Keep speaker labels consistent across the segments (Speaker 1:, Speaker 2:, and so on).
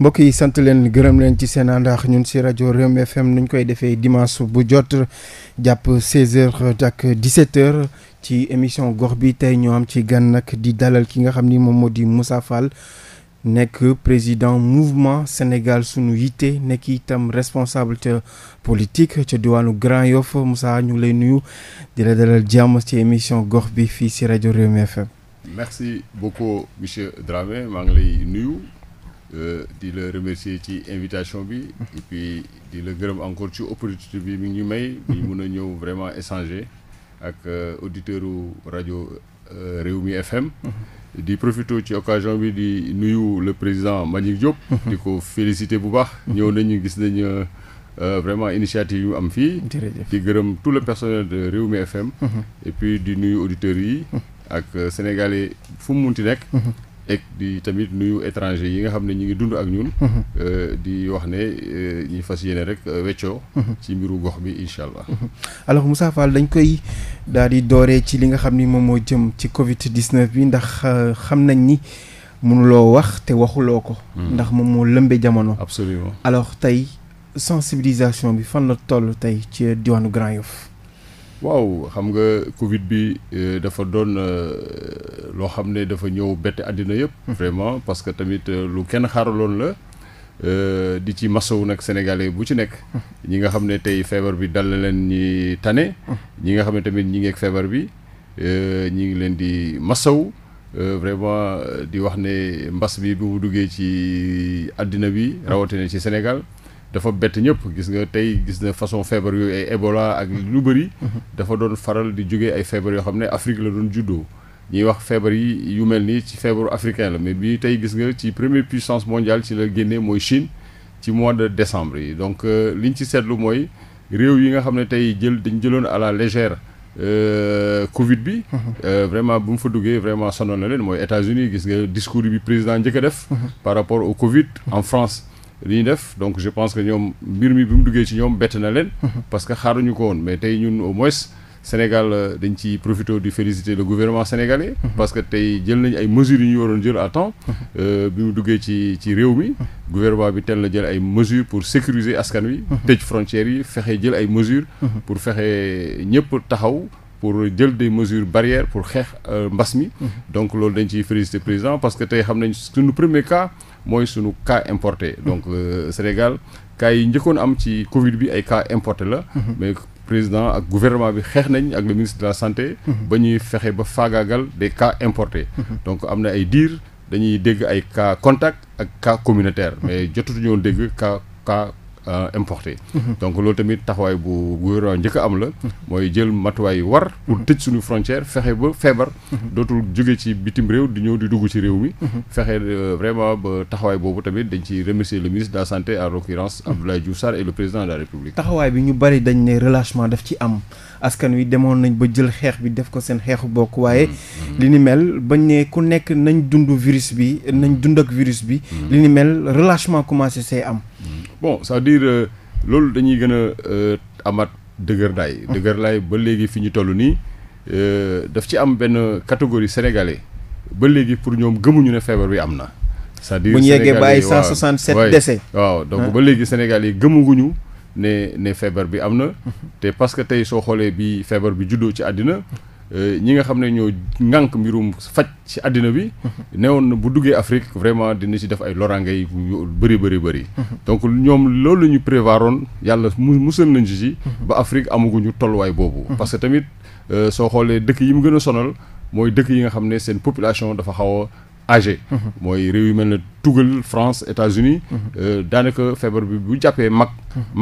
Speaker 1: mbokk yi sant leen gërëm leen ci seen àndaax ñun si rajo Rewmi FM nuñ koy defee dimanche bu jot jàpp 16h ak ci émission gox bi tey ñoo am ci gan nag di dalal ki nga xam ni moom moo di Moussa Fall nekk président mouvement Sénégal sunu yitte nekk itam responsable ca politique ca diwaanu Grand Yoff Moussa ñu ngi lay nuyu di la dalal jàmm ci émission gox bi fii si rajo Rewmi FM.
Speaker 2: merci beaucoup monsieur Dramé Euh, di la remercier ci invitation bi et di la gërëm encore ci opportunité bi mi ngi ñu may bi mun a ñëw vraiment échanger ak euh, auditeur u rajo euh, Rewmi FM mhm. di profité ci occasion bi di nuyu le président Mbagnick Diop mhm. di ko féliciter bu baax mhm. ñëw nañu gis nañ Euh, vraiment initiative yu am fii di gërëm tout le personnel de Rewmi FM et di nuyu auditeurs yi ak sénégalais fu mu munti nekk et di tamit nuyu étranger yi nga xam ne ñu ngi dund ak ñun. Mhm. Euh, di wax ne euh, ñi fas yéene rek euh, weccoo. Mhm. ci mbiru gox bi incha allah.
Speaker 1: Mhm. alors Moussa Fall dañ koy daal di dooree ci li nga xam ni moom moo jëm ci Covid 19 bi ndax xam nañ ni mënuloo wax te waxuloo ko. ndax moom moo lëmbee jamono. absolument alors tey sensibilisation bi fan la toll tey ci diwaanu Grand Yoff.
Speaker 2: waaw xam nga Covid bi euh, dafa doon euh, loo xam ne dafa ñëw bett àddina yëpp. Hmm. vraiment parce que tamit euh, lu kenn xaaraloon la. di ci masawu nag sénégalais bu ci nekk. Hmm. ñi nga xam ne tey feebar bi dal leen ñi tane. Hmm. ñi nga xam ne tamit ñi ngeeg feebar bi ñi ngi leen di masawu vraiment di wax ne mbas bi bu mu duggee ci àddina bi rawatina ci Sénégal. dafa bett ñëpp gis nga tey gis na façon feebar yooyu ay Ebola ak lu bëri. Mhm. dafa doon faral di jógee ay feebar yoo xam ne Afrique la doon juddoo. ñuy wax feebar yi yu mel ni ci feebaru africain la mais bii tey gis nga ci première puissance mondiale ci la génne mooy Chine ci mois de décembre yi donc euh, li ñu ci seetlu mooy réew yi nga xam ne tey jël dañ jëloon à la légère euh, Covid bi. Mhm. Euh, vraiment bu mu fa duggee vraiment sonal na leen mooy États-Unis gis nga discours bi président njëkk def. Mhm. par rapport au Covid France. li ñu def donc je pense que ñoom mbir mi bi mu duggee ci ñoom bett na leen. parce que xaaruñu ko woon mais tey ñun au moins Sénégal euh, dañ ci profité di féliciter le gouvernement sénégalais. parce que tey jël nañ ay mesures yu ñu waroon jël à temps. Euh, bi mu duggee ci ci réew mi. gouvernement bi teel na jël ay mesures pour sécuriser askan wi. tëj frontières yi fexe jël ay mesures. pour fexe ñëpp taxaw. pour jël des mesures barrières pour xeex euh, mbas mi donc loolu dañ ciy féliciter président parce que tey xam nañ suñu premier cas mooy sunu cas importé donc mm-hmm. euh, Sénégal cas yi njëkkoon am ci Covid bi ay cas importé la mm-hmm. mais président ak gouvernement bi xeex nañ ak le ministre de la santé mm-hmm. ba ñuy fexe ba faagaagal des cas importés donc am na ay diir dañuy dégg ay cas contact ak cas communautaire mais jotutuñoo dégg cas cas Euh, importé. donc loolu tamit taxawaay bu gouvernement njëkk am la. mooy jël matuwaay yu war. pour tëj suñu frontière fexe ba feebar. dootul jóge ci bitim réew di ñëw di dugg ci réew mi. fexe euh, vraiment ba taxawaay boobu tamit dañ ci remercier le ministre da la santé en l'occurrence Abdoulaye Diouf Sarr et le président de la République.
Speaker 1: taxawaay bi ñu bari dañ ne relâchement daf ci am. askan wi demoon nañ ba jël xeex bi def ko seen xeexu bokk waaye mm-hmm. li ni mel bañ ne ku nekk nañ dund virus bi nañ dund ak virus bi mm-hmm. li ni mel relâchement commencé say am mm-hmm.
Speaker 2: bon c'est-à-dire euh, loolu dañuy gën a euh, amaat dëgër daay dëgër daay ba léegi fi ñu toll nii euh, daf ci am benn catégorie sénégalais ba léegi pour ñoom gëmuñu ne feebar bi am na c'est-à-dire bu ñu yeggee ba ay 167 décès waaw donc ah. ba léegi sénégalais yi gëmuguñu ne ne feebar bi am na te parce que tey soo xoolee bi feebar bi juddoo ci àddina euh, ñi nga xam ne ñoo ŋànk mbirum faj ci àddina bi newoon na bu duggee Afrique vraiment dina ci def ay loraange yu bëri bëri bëri donc ñoom loolu la ñu prévoiroon yàlla mu musal nañ ci ba Afrique amaguñu tolluwaay boobu parce que tamit euh, soo xoolee dëkk yi mu gën a sonal mooy dëkk yi nga xam ne seen population dafa xaw âgé mooy réew yu mel ne tugal France États-Unis euh, daanaka feebar bi bu jàppee mag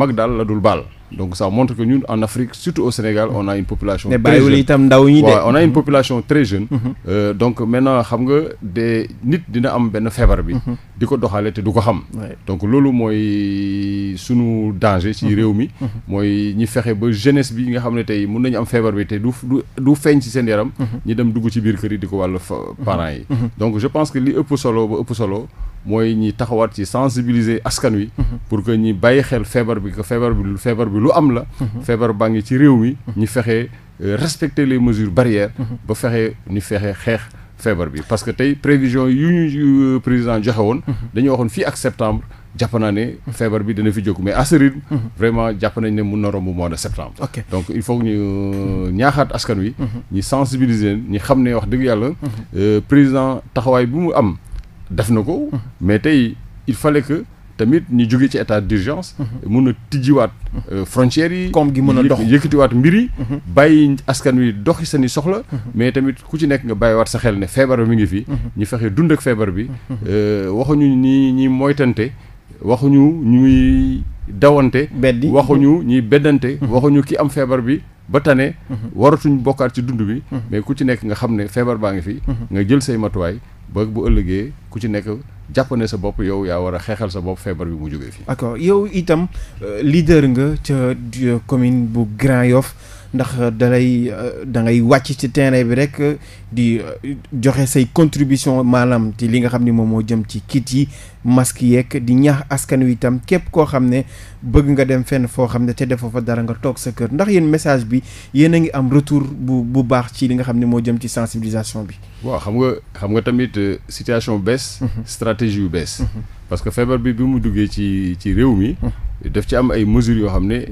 Speaker 2: mag daal la dul baal donc ça montre que ñun en Afrique surtout au Sénégal on a une population mais bàyyiwul itam ndaw ñi de on a une population très jeune euh, donc maintenant xam nga des nit dina am benn feebar bi di ko doxalee te du ko xam. donc loolu mooy sunu danger. ci mm-hmm. réew mi. Mm-hmm. mooy ñi fexe ba jeunesse bi nga xam ne tey mun nañu am feebar bi te du du feeñ ci seen yaram. Mm-hmm. ñi dem dugg ci biir kër yi di ko wàllu parents yi. donc je pense que li ëpp solo ba ëpp solo. mooy ñi taxawaat ci sensibiliser askan wi. pour que ñi bàyyi xel feebar bi ko feebar bi feebar bi lu am la. feebar baa ngi ci réew mi. ñi fexe euh, respecter les mesures barrières. ba fexe ñu fexe xeex. feebar bi parce que tey prévision yu ñu euh, président joxe woon. Mhm. dañu waxoon fii ak septembre. jàpp naa ne mhm. feebar bi dana fi jóg mais à mhm. vraiment jàpp nañ ne mun na romb mois de septembre okay. donc il faut ñu euh, ñaaxaat askan wi ñi sensibiliser ñi xam ne wax dëgg yàlla euh, président taxawaay bi mu am def na ko mais tey il fallait que tamit ñu jóge ci état d'urgence mun a tijjiwaat euh, frontières yi comme gi mën a dox yëkkatiwaat mbir yi mhm. bàyyi askan wi doxi seen i soxla mhm. mais tamit ku ci nekk nga bàyyiwaat sa xel ne feebar bi mi ngi fi mhm. ñu fexe dund ak feebar bi euh, waxuñu ñi ñi moytante waxuñu ñuy dawante waxuñu ñuy beddante waxuñu ki am feebar bi ba tane. Mhm. waratuñ bokkaat ci dund bi. Mhm. mais ku ci nekk nga xam ne feebar baa ngi fi. Mhm. nga jël say matuwaay ba bu ëllëgee ku ci nekk jàpp ne sa bopp yow yaa war a xeexal sa bopp feebar bi mu jógee fii. d'accord yow
Speaker 1: itam euh, leader nga ca euh, commune bu Grand Yoff. ndax euh, dalay euh, da ngay wàcc ci terrain bi rek euh, di joxe say contribution maanaam ci li nga xam ni moom moo jëm ci kit yi masque yeeg di ñaax askan wi itam képp koo xam ne bëgg nga dem fenn foo xam ne te defoo fa dara nga toog sa kër ndax yéen message bi yéen a ngi am retour bu bu baax ci li nga xam ne moo jëm ci sensibilisation bi.
Speaker 2: waaw xam nga xam nga tamit situation bees. Mhm. stratégie yu bees. Mhm. parce que feebar bi bi mu duggee ci ci réew mi. Mhm. daf ci am ay mesures yoo xam ne.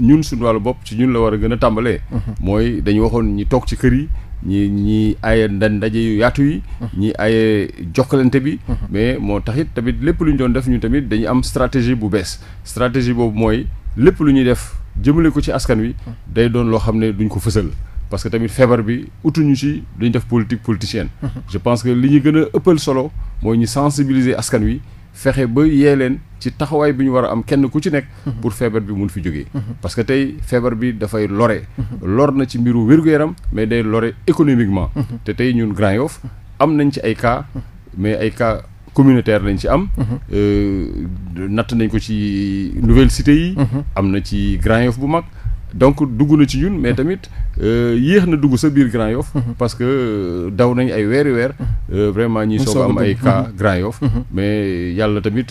Speaker 2: ñun suñu wàllu bopp ci ñun la war a gën a tàmbalee. Mhm. mooy dañu waxoon ñi toog ci kër yi. ñi ñi aye ndaje yu yaatu yi mhm. ñi aye jokkalante bi mhm. mais moo taxit tamit lépp lu ñu doon def ñu tamit dañu am stratégie bu bees stratégie boobu mooy lépp lu ñuy def jëmale ko ci askan wi day doon loo xam ne duñ ko fësal parce que tamit feebar bi utuñu ci duñ def politique politicienne je pense que li ñu gën a ëppal solo mooy ñu sensibiliser askan wi fexe ba yee leen ci taxawaay bi ñu war a am kenn ku ci nekk. Mhm. pour feebar bi mun fi jóge mhm. parce que tey feebar bi dafay lore. Mhm. lor na ci mbiru wér-gu-yaram mais day lore économiquement. te tey ñun Grand Yoff am nañ ci ay cas mais ay cas. communautaire lañ ci am. Euh, natt nañ ko ci nouvelle cité yi. am na ci Grand Yoff bu mag. donc dugg na ci ñun mais tamit euh, yéex na dugg sa biir Grand Yoff mhm. parce que euh, daw nañ ay weeri weer mhm. euh, vraiment ñi soog am ay cas mhm. Grand Yoff mais yàlla tamit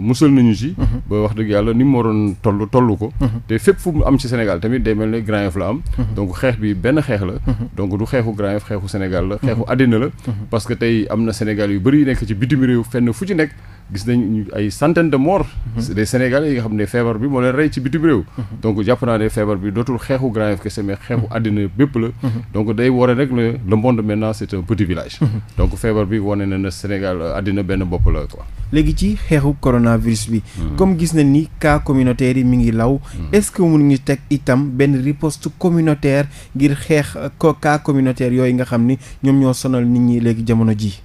Speaker 2: musal nañu ci ba wax dëgg yàlla ni mu waroon toll toll ko te fépp fu mu am ci Sénégal tamit day mel ne Grand Yoff la am donc xeex bi benn xeex la donc du xeexu Grand Yoff xeexu Sénégal la xeexu àddina la parce que tey am na Sénégal yu bari yu nekk ci bitim réew fenn fu ci nekk gis nañ ay centaine de more mhm. des sénégal yi nga xam ne feebar bi moo leen rey ci bitim réew. Mhm. donc jàpp naa ne feebar bi dootul xeexu Grand Yoff kese mais xeexu mhm. àddina bépp la. donc day wone rek ne le monde maintenant est un petit village. donc feebar bi wane na ne Sénégal àddina benn bopp la quoi.
Speaker 1: léegi ci xeexu coronavirus bi. comme gis nañ ni kaa communautaire yi mi ngi law. est ce que mun ngi teg itam benn ripost communautaire ngir xeex ko cas communautaire yooyu nga xam ni ñoom ñoo sonal nit ñi léegi jamono ji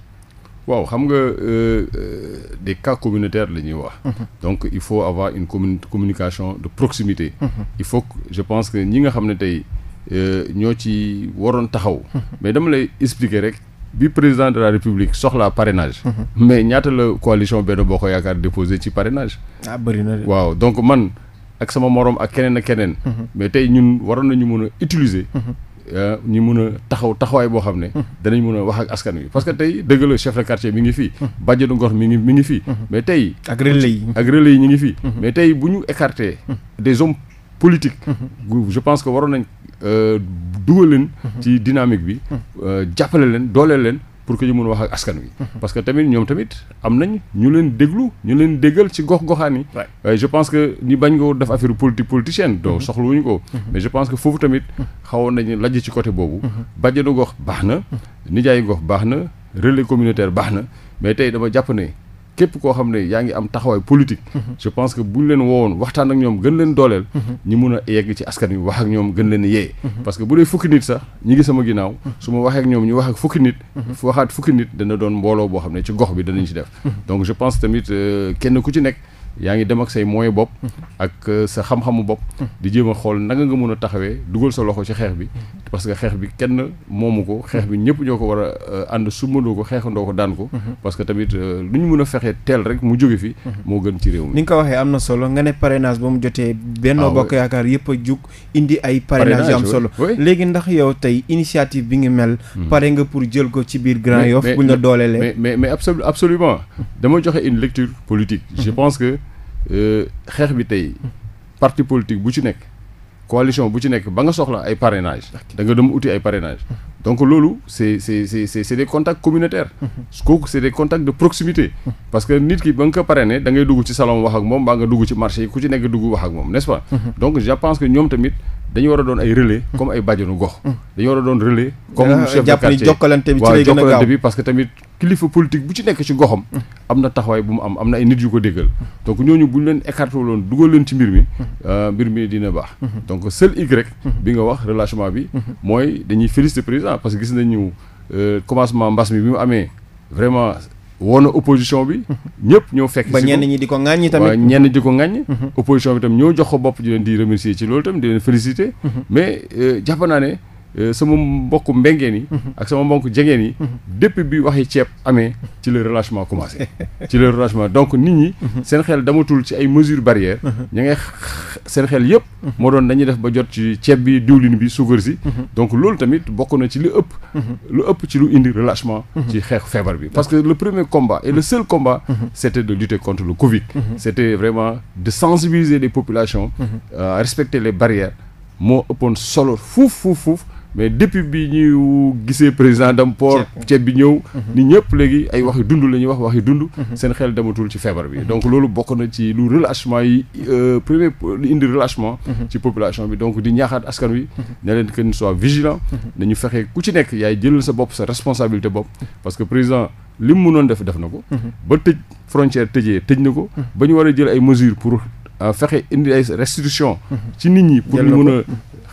Speaker 2: waaw xam nga euh, euh, des cas communautaire la ñuy wax. Mhm. donc il faut avoir une commun communication de proximité. Mhm. il faut que je pense que ñi nga xam ne tey euh, ñoo ci waroon taxaw. Mhm. mais dama lay expliquer rek. bi président de la république soxla parrainage. mais ñaata la coalition boo ko Yaakaar déposé ci parrainage. ah bëri na de. waaw donc man ak sama moroom ak keneen ak keneen. mais tey ñun waroon nañu mën a utiliser. Euh, ñu mun a taxaw taxawaay boo xam ne hmm. danañ mun a wax ak askan wi parce que tey dëgg la chef de quartier mi ngi fii hmm. bàjjenu ngor mi ngi mi ngi fii hmm. mais tey ak relais yi ak relais yi ñu ngi fii mais tey bu ñu écarté des hommes politique je pense que waroon nañ euh, dugal leen ci dynamique bi euh, jàppale leen dooleel leen pour que ñu mun wax ak askan wi. parce que tamit ñoom tamit am nañ ñu leen déglu ñu leen déggal ci gox goxaan yi. waaye euh, je pense que ñu bañ ko def affaire politique politicienne. doo mhm. soxlawuñu ko. Mhm. mais je pense que foofu tamit mhm. xawoon nañu lajj ci côté boobu. bàjjenu gox baax na. nijaayu gox baax na relais communautaire baax na mais tey dama jàpp ne. képp koo xam ne yaa ngi am taxawaay politique. Mhm. je pense que bu ñu leen woowoon waxtaan ak ñoom gën leen dooleel. Mhm. ñi mun a yegg ci askan wi wax ak ñoom gën leen yee. Mhm. parce que bu dee fukki nit sax ñi ngi sama ginnaaw. su ma waxee ak ñoom ñu wax ak fukki nit. waxaat fukki nit dana doon mbooloo boo xam ne ci gox bi danañ ci def. donc je pense tamit euh, kenn ku ci nekk. yaa ngi dem ak say moyens bopp ak euh, sa xam-xamu bopp di jéem a xool naka nga mun a taxawee dugal sa loxo ci xeex bi parce que xeex bi kenn moomu ko xeex bi ñëpp ñoo ko war a euh, ànd sumbandoo ko xeexandoo ko daan ko parce que tamit euh, lu ñu mën a fexee teel rek mu jóge fi moo gën ci réew mi
Speaker 1: ni nga ko waxee am na solo nga ne parrainage ba mu jotee Benno ah Bokk Yaakaar yëpp a jug indi ay parrainage yu am solo léegi ndax yow tey initiative bi ngi mel hmm. pare nga pour jël ko ci biir Grand Yoff buñ la dooleelee
Speaker 2: mais mais absolument dama joxe une lecture politique je hmm. pense que Euh, xeex bi tey parti politique bu ci nekk coalition bu ci nekk ba nga soxla ay parrainage da nga dem uti ay parrainage mm-hmm. donc loolu c'est c'est c'est c'est c'est des contacts
Speaker 3: mm-hmm.
Speaker 2: c'est des contacts de proximité mm-hmm. parce que nit ki ba nga ko parrainé da ngay dugg ci salon wax ak moom mbaa nga dugg ci marché yi ku ci nekk dugg wax ak moom n'est-ce pas donc je pense que ñoom tamit dañu war a doon ay relais. comme ay bàjjenu gox. Mm. dañu war a doon relais. comme ah, chef de quartier jàpp ni jokkalante bi parce que tamit kilifa politique bu ci nekk ci goxam. Mm. am na taxawaay bu mu am am na ay nit yu ko déggal. Mm. donc ñooñu bu ñu leen écarté loon dugal leen ci mbir mi. Euh, mbir mi dina baax. Mm-hmm. donc seul Y. Mm-hmm. bi nga wax relâchement bi. Mm-hmm. mooy dañuy féliciter président parce que gis nañu euh, commencement mbas mi bi mu amee. vraiment woon opposition bi. ñëpp ñëw fekk si ba ñenn ñi di ko ŋàññi tamit ñenn ji ko ŋàññi. Mhm. opposition bi tam ñoo jox ko bopp di leen di remercier ci loolu tam di leen féliciter. Mhm. mais euh, jàpp naa ne. Euh, sama mbokku mbengeen yi. Mhm. ak sama mbokku jegeen yi. Mhm. dépp bi waxi ceeb amee ci le relâchement commencé. ci le relâchement donc nit ñi. Mhm. seen xel damatul ci ay mesures barrières. ña ngay seen xel yëpp. moo doon dañuy def ba jot ci ceeb bi diwlin bi suukar si. donc loolu tamit bokk na ci lu ëpp. lu ëpp ci lu indi relâchement. ci xeex feebar bi parce que le premier combat et le seul combat. c' était de lutter contre le Covid. c' vraiment de sensibiliser les populations. Euh, à les barrières moo ëppoon solo fuuf fuuf mais depuis bi ñu gisee président dam port ceeb bi ñëw mhm. nit ñëpp léegi ay waxi dund la ñuy wax waxi dund mhm. seen xel dematul ci feebar bi mhm. donc loolu bokk na ci lu relâchement yi euh, premier lu indi relâchement ci population bi donc di ñaaxaat askan wi ne leen que ñu soit vigilant nañu fexe ku ci nekk yaay jëlal sa bopp sa responsabilité bopp parce que président li mu mënoon def def na ko ba tëj frontière tëjee tëj na ko ba ñu war a jël ay mesures pour euh, fexe indi ay restitution ci nit ñi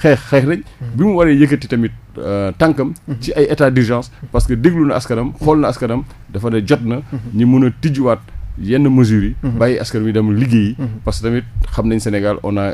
Speaker 2: xeex xeex nañ hmm. bi mu waree yëkkati tamit euh, tànkam hmm. ci ay état d'urgence parce que déglu na askanam hmm. xool na askanam dafa ne jot na ñi mun a tijjuwaat yenn mesures yi bàyyi askan wi dem liggéey parce que tamit xam nañ Sénégal on a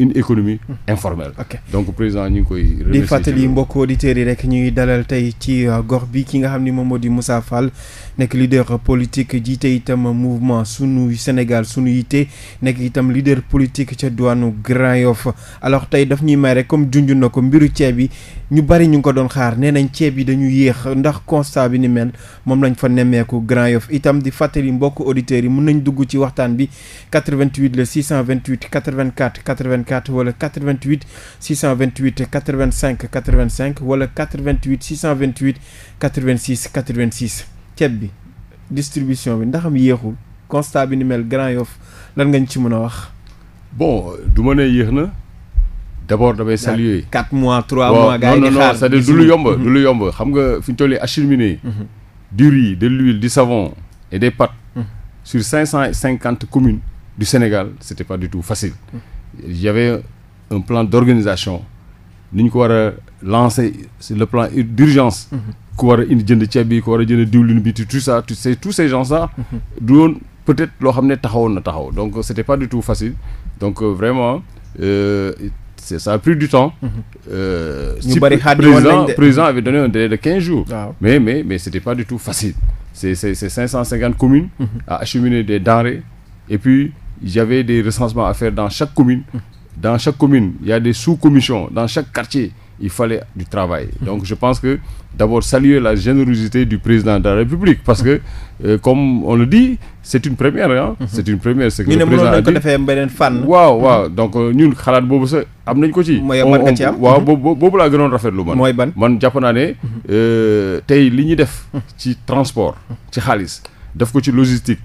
Speaker 2: une économie informelle. Okay. donc président ñu ngi koy. remercier di fàttali
Speaker 1: mbokk auditeurs yi rek ñuy dalal tey ci euh, gox bi ki nga xam ni moom moo di Moussa Fall nekk leader politique jiite itam mouvement sunu Sénégal sunu yitte nekk itam leader politique ca diwaanu Grand Yoff. alors tey daf ñuy may rek comme junj na ko mbiru ceeb yi ñu bari ñu ngi ko doon xaar nee nañ ceeb yi dañu yéex ndax constat bi ni mel moom lañ fa nemmeeku Grand Yoff itam di fàttali mbokk auditeurs yi mun nañ dugg ci waxtaan bi 88 le 628 84 84. 24 wala 88 628 85 85 wala 88 628 86 86 ceeb bi distribution bi ndax am yéexul constat bi ni mel Grand Yoff lan nga ñu ci mën a wax.
Speaker 2: bon du ma ne yéex na. d' abord damay saluer. 4 mois 3 mois. gars yi di xaar du lu yomb mhm. du lu yomb xam nga fi ñu toll nii acheminé. Mhm. du riz de l'huile du savon et des pâtes. Mhm. sur cinq cent cinquante communes du Sénégal c'était pas du tout facile. j'avais un plan d'organisation ni ñu ko war a lancer sur le plan d'urgence mhm. ku war a indi jënd ceeb bi ku war a jënd diwlin bi tout ça tous tout tous ces gens là mhm. du woon peut-être loo xam ne taxawoon na taxaw donc euh, c'était pas du tout facile donc euh, vraiment euh, c'est ça a pris du temps. Mhm. Euh, si président président avait donné un délai de quinze jours. Ah. mais mais mais c'était pas du tout facile. c'est cinq cent cinquante communes. à acheminer des denrées et puis. j'avais des recensements à faire dans chaque commune dans chaque commune il y a des sous-commissions dans chaque quartier il fallait du travail donc je pense que d'abord saluer la générosité du président de la République parce que euh, comme on le dit c'est une première ah c'est une première c'est que le président a dit defee beneen fànn waaw waaw donc euh, ñun xalaat boobu sax am nañ ko ci waaw mhm. boobu boobu laa gënoon rafetlu man mooy ban man jàpp naa ne mhm. euh, tey li ñuy def ci transport ci xaalis def ko ci logistique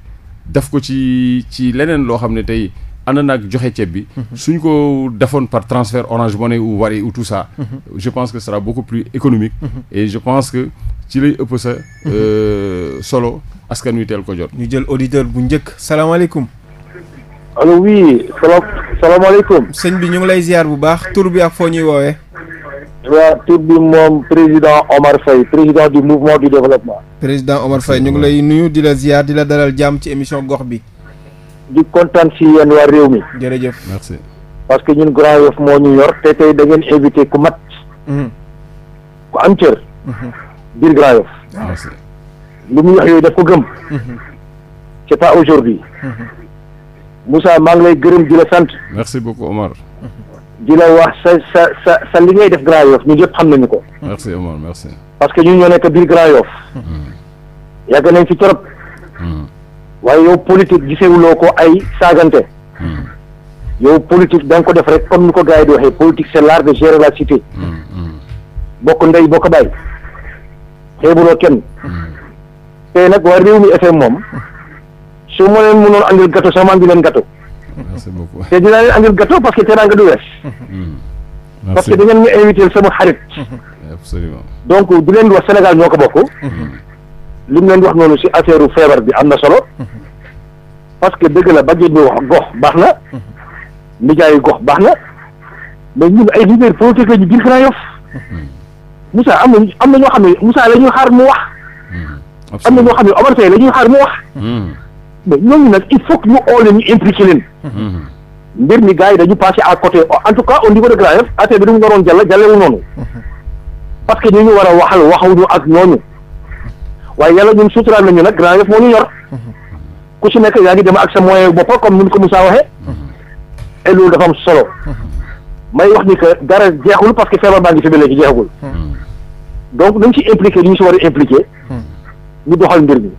Speaker 2: daf ko ci ci leneen loo xam ne tey ànd naag joxe ceeb bi. Mhm. suñ ko defoon par transfert Orange Money ou Wari ou tout ça. Mhm. je pense que ce sera beaucoup plus économique. Mhm. et je pense que ci lay ëpp sa. Euh, solo askan wi teel ko jot. ñu jël auditeur bu njëkk salaamaaleykum.
Speaker 1: allo oui salaamaaleykum. sëñ bi ñu ngi lay ziar bu baax tur bi ak foo ñuy
Speaker 4: woowee. waaw tur bi moom président Omar Faye président du mouvement du développement.
Speaker 1: président Omar Faye ñu ngi lay nuyu di la ziar di la dalal jàmm ci émission gox bi. di
Speaker 4: kontaan si yéen waa réew mi. jërëjëf merci. parce que ñun Grand Yoff moo ñu yor te tey da ngeen invité ku mat. Mhm. ku am cër. Mhm. biir Grand Yoff. merci. li muy wax yooyu daf ko gëm. Mhm. c'est pas aujourd'hui. Moussa maa ngi lay gërëm di la sant. merci beaucoup Omar. di la wax sa sa sa sa li ngay def Grand Yoff ñun ñëpp xam nañu ko. merci Omar parce que ñun ñoo nekk biir Grand Yoff. Hmm. yàgg nañ fi trop. Hmm. waaye yow politique gisewuloo ko ay saagante. Hmm. yow politique da ko def rek kon ni ko gars yi di waxee politique c'est l'art de gérer la cité. bokk ndey bokk baay. xeebuloo kenn. tey nag waa mi FM moom. su ma leen mënoon andil gâteau sax ma andi leen merci beaucoup te dinaa leen andil gâteau parce que teraanga du wees hmm. parce que da ngeen ñu invité sama xarit absolument donc di leen wax Sénégal ñoo ko bokk hmm. li mu leen wax noonu si affaire feebar bi am na solo parce que dëgg la bajjeen bi wax gox baax na jaay gox baax na mais ñun ay leader politique la ñu biir Grand Yoff hmm. Moussa am na am na ñoo xam ne Moussa la xaar mu wax am na ñoo xam ne Omar Seye la ñuy xaar mu wax mais ñooñu nag il faut ñu oo leen ñu impliqué leen. Mhm. mbir mi gars yi dañu passé à côté en tout cas au niveau de Grand Yoff affaire bi du mu waroon jàll jàllewu noonu. Mhm. parce que ñu ñu war a waxal waxuñu ak ñooñu waaye yàlla ñun suturaal nañu nag Grand Yoff moo ñu yor mhm. ku si nekk yaa ngi dem ak sa moyen bopp comme ni ko Moussa waxee et loolu dafa am solo may wax ni que dara jeexul parce que feebar baa ngi fi ba léegi jeexagul donc nañ si impliqué li ñu si war a impliqué doxal mbir mi.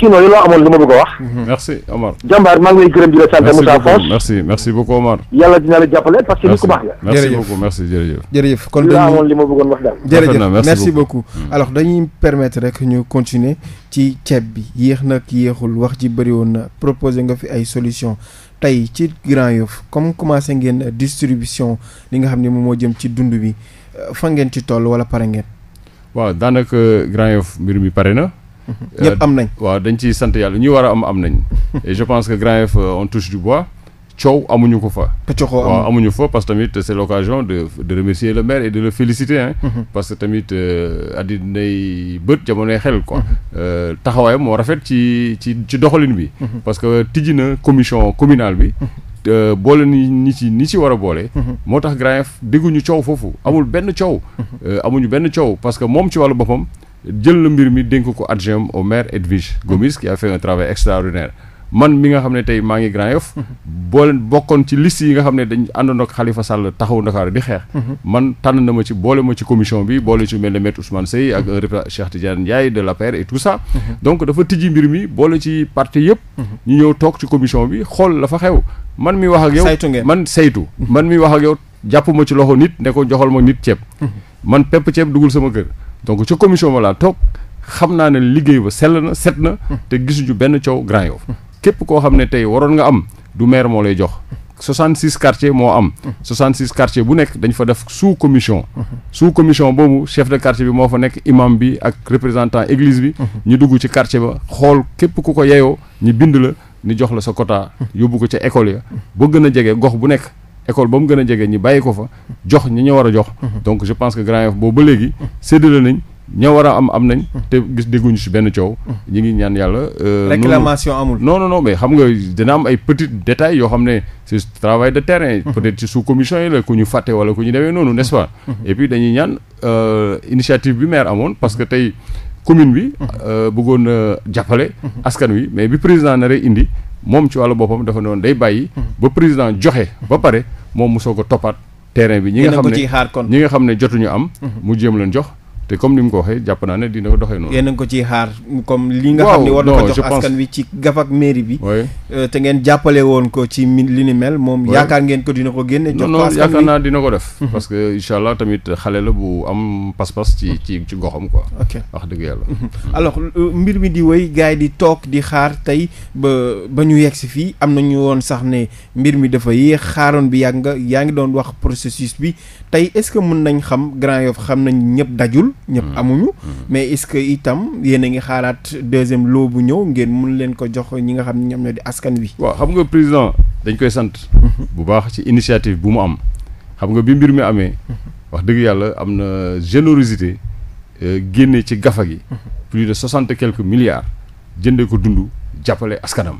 Speaker 4: sinon loo amoon lu ma bëgg a wax. Mhm. merci Omar. jàmbaar maa ngi gërëm di la sant Moussa Fos.
Speaker 2: merci merci beaucoup Omar.
Speaker 4: yàlla dina la jàppale parce que nit ku baax la. merci beaucoup
Speaker 2: merci jërëjëf. jërëjëf
Speaker 1: kon dañu laa mm. dañuy permettre rek ñu continuer ci ceeb bi yéex nag yéexul wax ji bëri woon na proposé nga fi ay solution tey ci Grand yof comme commencé ngeen distribution li nga xam ne moom moo jëm ci dund bi euh, fa ngeen ci toll wala pare ngeen.
Speaker 2: waaw daanaka Grand Yoff mbir mi pare na. ñëpp euh, am nañ. waaw dañ ciy sant yàlla ñuy war a am am nañ. et je pense que Grand Yoff euh, on touche du bois. coow amuñu ko fa. waaw amuñu fa parce que tamit c' est de de remercier le maire et de le féliciter mm-hmm. parce que tamit euh, bët jamonoy xel quoi. Mm-hmm. taxawaayam moo rafet ci ci ci doxalin bi. Mm-hmm. parce que tijji na commission communal bi. boole ni ni ci ni ci war a boole. moo tax Grand Yoff dégguñu coow foofu amul benn coow. amuñu benn coow parce que moom ci wàllu boppam. jël la mbir mi dénk ko adjoint au maire Edwige Gomis qui a fait un travail extraordinaire man mi nga xam ne tey maa ngi Grand Yoff boo bokkoon ci liste yi nga xam ne dañ àndoon ak Khalifa Sall taxawu Ndakaaru di xeex man tànn na ma ci boole ma ci commission bi boole ci mel ne maître Ousmane Seye ak un représentant Cheikh Tidiane Ndiaye de l'APR et tout ça donc dafa tijji mbir mi boole ci parti yëpp ñu ñëw toog ci commission bi xool la xew man mi wax ak yow man saytu man mi wax ak yow jàppuma ci loxo nit ne ko joxal ma nit ceeb. Mhm. man pepp ceeb dugul sama kër. donc ca commission ma laa toog xam naa ne liggéey ba sell na set na. Mhm. te gisuñu benn cow Grand Yoff. Mhm. képp koo xam ne tey waroon nga am du maire moo lay jox. 66 quartiers moo am. 66 quartiers bu nekk dañ fa def sous commission. sous commission boobu chef de quartier bi moo fa nekk imam bi ak représentant église bi. ñu dugg ci quartier ba xool képp ku ko yeyoo ñu bind la. ni jox la sa quota yóbbu ko ca école ya boo gën a jege gox bu nekk école ba mu gën a jege ñi bàyyi ko fa jox ñi ñu war a jox donc je pense que Grand Yoff boobu ba léegi séddale nañ ña war a am am nañ te gis dégguñu ci benn coow ñi ngi ñaan yàlla euh, réclamation amul non non non mais xam nga dina am ay petits détails yoo xam ne c'est travail de terrain mhm. peut-être ci sous commission yi la ku ñu fàtte wala ku ñu demee noonu nest pas mhm. et puis dañuy ñaan euh, initiative bi maire amoon parce tey commune bi. Euh, bëggoon na euh, jàppale. Mhm. askan wi mais bi président na rek indi moom ci wàllu boppam dafa ne woon day bàyyi. Mhm. ba président joxe ba pare moom mu soog a toppaat terrain bi. ñi nga xam ne ñi nga xam ne jotuñu am. Mhm. mu jéem leen jox. te comme ni mu ko waxee jàpp naa ne dina ko doxee noonu.
Speaker 1: yéen ko ciy xaar comme
Speaker 2: li nga xam ne war na ko jox askan wi ci gafak mairie bi. Euh, te ngeen
Speaker 1: jàppale woon ko ci li ni mel. moom yaakaar ngeen ko dina ko génne. jox ko askan
Speaker 2: wi ko def. Mhm. parce que incha tamit xale la bu am pas-pas ci ci ci goxam wax dëgg yàlla.
Speaker 1: Mhm. alors euh, mbir mi di wéy gars yi di toog di xaar tey ba ba ñu yegg si fii am nañu woon sax ne mbir mi dafa yéex xaaroon bi yàgg nga yaa ngi doon wax processus bi tey est-ce que mën nañ xam Grand Yoff xam nañ ñëpp dajul ñëpp mm. amuñu mm. mais est-ce que itam yéen a ngi xaaraat deuxième loo bu ñëw ngeen mun leen ko jox ñi nga xam ne ñoom ñoo di askan wi
Speaker 2: waaw xam nga président dañ koy sant mm-hmm. bu baax ci initiative bu mu am xam nga bi mbir mi amee mm-hmm. wax dëgg yàlla am na générosité euh, génne ci gafa gi mm-hmm. plus de soixante et quelques milliards jëndee ko dund jàppale askanam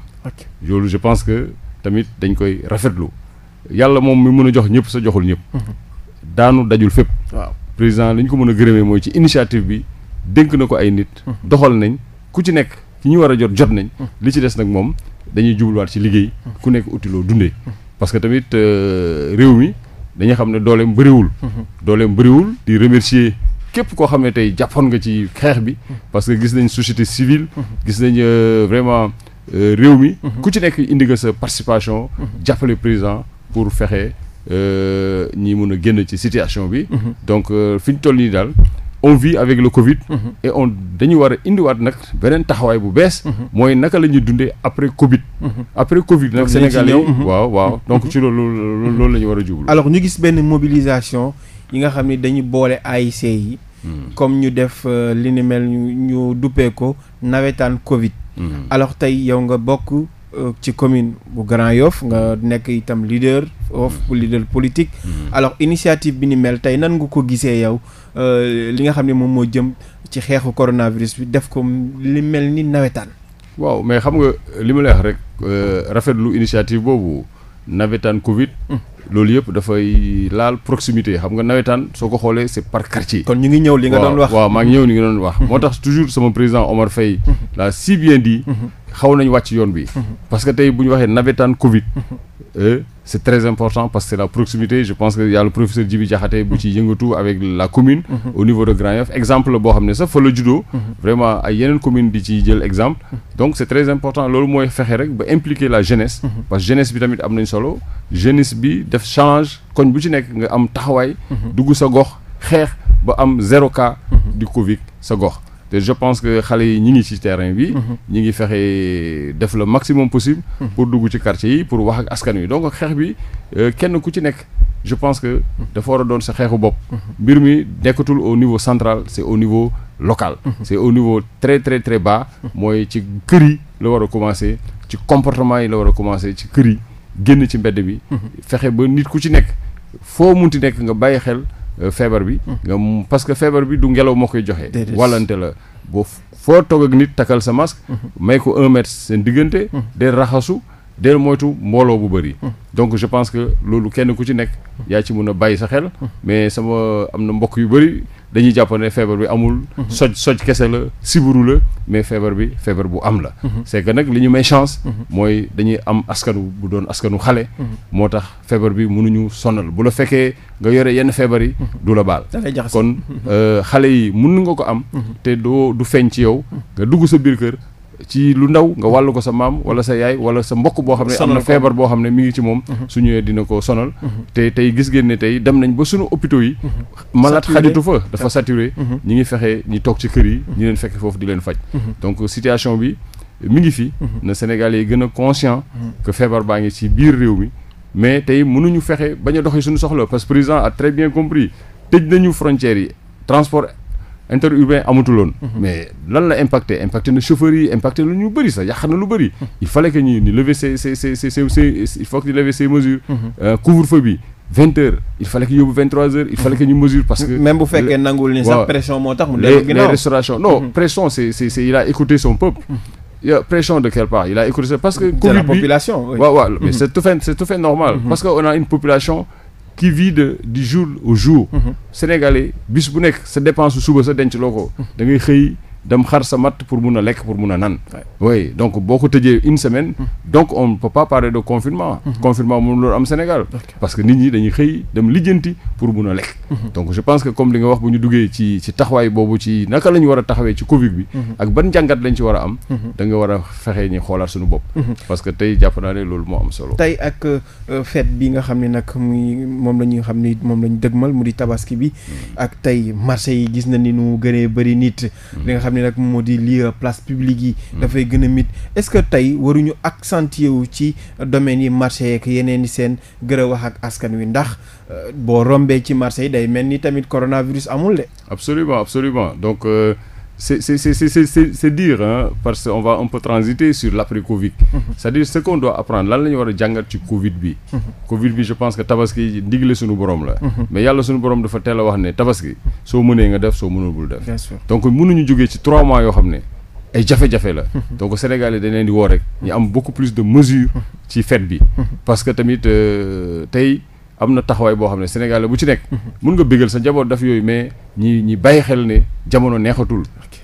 Speaker 2: loolu je pense que tamit dañ koy rafetlu yàlla moom mi mën a jox ñëpp sa joxul ñëpp daanu dajul fépp waaw président li ñu ko mën a gërëmee mooy ci initiative bi dénk na ko ay nit. Hmm. doxal nañ ku ci nekk ci ñu war a jot jot nañ. Hmm. li ci des nag moom dañuy jubluwaat ci liggéey. Hmm. ku nekk utiloo dundee. parce que tamit euh, réew mi dañuy xam ne dooleem bëriwul. dooleem bëriwul di remercier. képp koo xam ne tey jàppoon nga ci xeex bi parce que gis nañ société civile gis nañ euh, vraiment euh, réew mi ku ci nekk indi sa participation jàppale président pour fexe Euh, ñi mun a génn ci situation bi. Mhm. donc euh, fi ñu toll nii daal. on vit avec le Covid. Mhm. et on dañu war a indiwaat nag beneen taxawaay bu bees. Mhm. mooy naka la ñuy dundee après Covid. Mm -hmm. après Covid nag Sénégalais waaw waaw donc ci loolu loolu la ñu war a jublu.
Speaker 1: alors ñu gis benn mobilisation yi nga xam ne dañu boole AIC yi. Hmm. comme ñu def euh, li mel ñu duppee ko nawetaan Covid. Hmm. alors tey yow nga bokk. Euh, ci commune bu Grand Yoff nga nekk itam leader of mm. leader politique mm. alors initiative bi ni mel tey nan nga ko gisee yow euh, li nga xam ne moom moo jëm ci xeexu coronavirus bi def ko li mel ni nawetaan
Speaker 2: waaw mais xam nga li ma lay wax rek euh, rafetlu initiative boobu nawetaan Covid. Mm. loolu yëpp dafay laal proximité xam nga nawetaan soo ko xoolee c'est par quartier. kon ñu ngi ñëw li nga doon wax waaw maa ñëw li nga doon wax. Mm-hmm. moo tax toujours sama président Omar Faye. Mm-hmm. xaw nañu wàcc yoon bi mhm. parce que tey bu ñu waxee navétane Covid. Mhm. Euh, c' est très important parce que la proximité je pense que y a le professeur Djibi Diakhaté bu ci mhm. yëngatu avec la commune. au niveau de Grand Yoff exemple boo xam ne sax fa la juddoo. vraiment ay yeneen commune di ci jël exemple. donc c' est très important loolu mooy fexe rek ba impliquer la jeunesse. parce que jeunesse bi tamit am nañ solo. jeunesse bi def change koñ bu ci nekk nga am taxawaay. dugg sa gox xeex ba am zéro cas. di Covid sa gox. te je pense que xale yi ñu ngi ci terrain bi. Mhm. ñu ngi fexe def le maximum possible. Mhm. pour dugg ci quartier yi pour wax ak askan wi donc xeex bi euh, kenn ku ci nekk. je pense que mhm. dafa war a doon sa xeexu bopp. mbir mi nekkatul au niveau central c' au niveau local. c' est au niveau très très très bas. mooy ci kër yi la war a commencer ci comportement yi la war a commencer ci kër yi génn ci mbedd bi. fexe ba nit ku ci nekk foo munti nekk nga bàyyi xel. Euh, feebar bi. Hmm. parce que feebar bi du ngelaw moo koy joxee wallante la boo foo toog ak nit takkal sa masque. Hmm. may ko un mètre seen diggante. Hmm. de raxasu. del moytu mbooloo bu bëri. donc je pense que loolu kenn ku ci nekk. yaa ci mun a bàyyi sa xel. mais sama am na mbokk yu bëri dañuy jàpp ne feebar bi amul. soj soj kese la siburu la mais feebar bi feebar bu am la. c'est nag li ñu may chance. mooy dañuy am askanu bu doon askanu xale. moo tax feebar bi mënuñu sonal bu la fekkee nga yore yenn feebar yi. du la baal kon euh, xale yi mun nga ko am. Mhm. te doo du feeñ ci yow. nga dugg sa biir kër. ci lu ndaw nga wàllu ko sa maam wala sa yaay wala sa mbokk boo xam ne am na feebar boo xam ne mu ngi ci moom mhm. su ñëwee dina ko sonal mhm. te tey gis ngeen ne tey dem nañ ba suñu hôpitaux yi mhm. malade xajitu fa dafa saturé ñi ngi fexe ñi toog ci kër yi ñu leen fekke foofu di leen faj donc situation bi mi ngi fi na Sénégalais yi gën a conscient feebar baa ngi ci biir réew mi mais tey mënuñu fexe bañ a doxee suñu soxla parce que président a très bien compris tëj nañu frontières yi transport interurbain amatuloon. Mhm. mais lan la impacté impacté na chauffeurs yi impacté na ñu bëri sax yàq na lu bëri. Mhm. il fallait que ñu ñu lever ces mesures. Mhm. Euh, couvre-feu heures il fallait que yóbbu vingt parce que même bu fekkee nangul ni sax pression moo tax mu dellu ginnaaw les restauration non pression c'est que Covid bi la population waaw oui. tout fait normal parce que on a une population qui vit de du jour au jour. Mm-hmm. Sénégalais bis bu nekk sa dépense suba sa denc loo ko. Mm-hmm. da ngay xëy. dem xar sa matt pour mun a lekk pour mun a nan oui donc boo ko tëjee une semaine hmm. donc on ne peut pas parler de confinement hmm. confinement mënu loolu am Sénégal parce que nit ñi dañuy xëy dem lijjanti pour mun a lekk hmm. donc je pense que comme li nga wax bu ñu duggee ci taxawaay boobu ci naka la war a taxawee ci Covid bi ak ban jàngat lañ ci war a am da war a fexee ñi xoolaat suñu bopp parce que tey jàpp naa ne loolu moo am solo
Speaker 1: xam ne moo di lii euh, place publique yi. Mm. dafay gën a mit est-ce que tey waruñu accentuer wu ci euh, domaines yi marché yeeg yeneen i seen gër wax ak askan wi ndax euh, boo rombee ci marché yi day mel ni tamit coronavirus amul de.
Speaker 2: absolument absolument donc. c'est dire hein, parce qu'on va un peu transiter sur l'après-Covid mhm. dire ce doit apprendre lan la war a jàngat ci Covid bi mhm. Covid bi je pense que tabaski digle suñu borom la mhm. mais yàlla suñu borom dafa teel a wax ne tabaski soo mënee nga def soo mënul bul def donc mënuñu jógee ci trois mois yoo xam ne ay jafe-jafe la donc Sénégal yi dañ di woo rek ñu am beaucoup plus de mesures ci fête bi parce que tamit euh, tey am na taxawaay boo xam ne Sénégal bu ci nekk. mun nga bégal sa njaboot daf yooyu mais ñi ñi bàyyi xel ne jamono neexatul.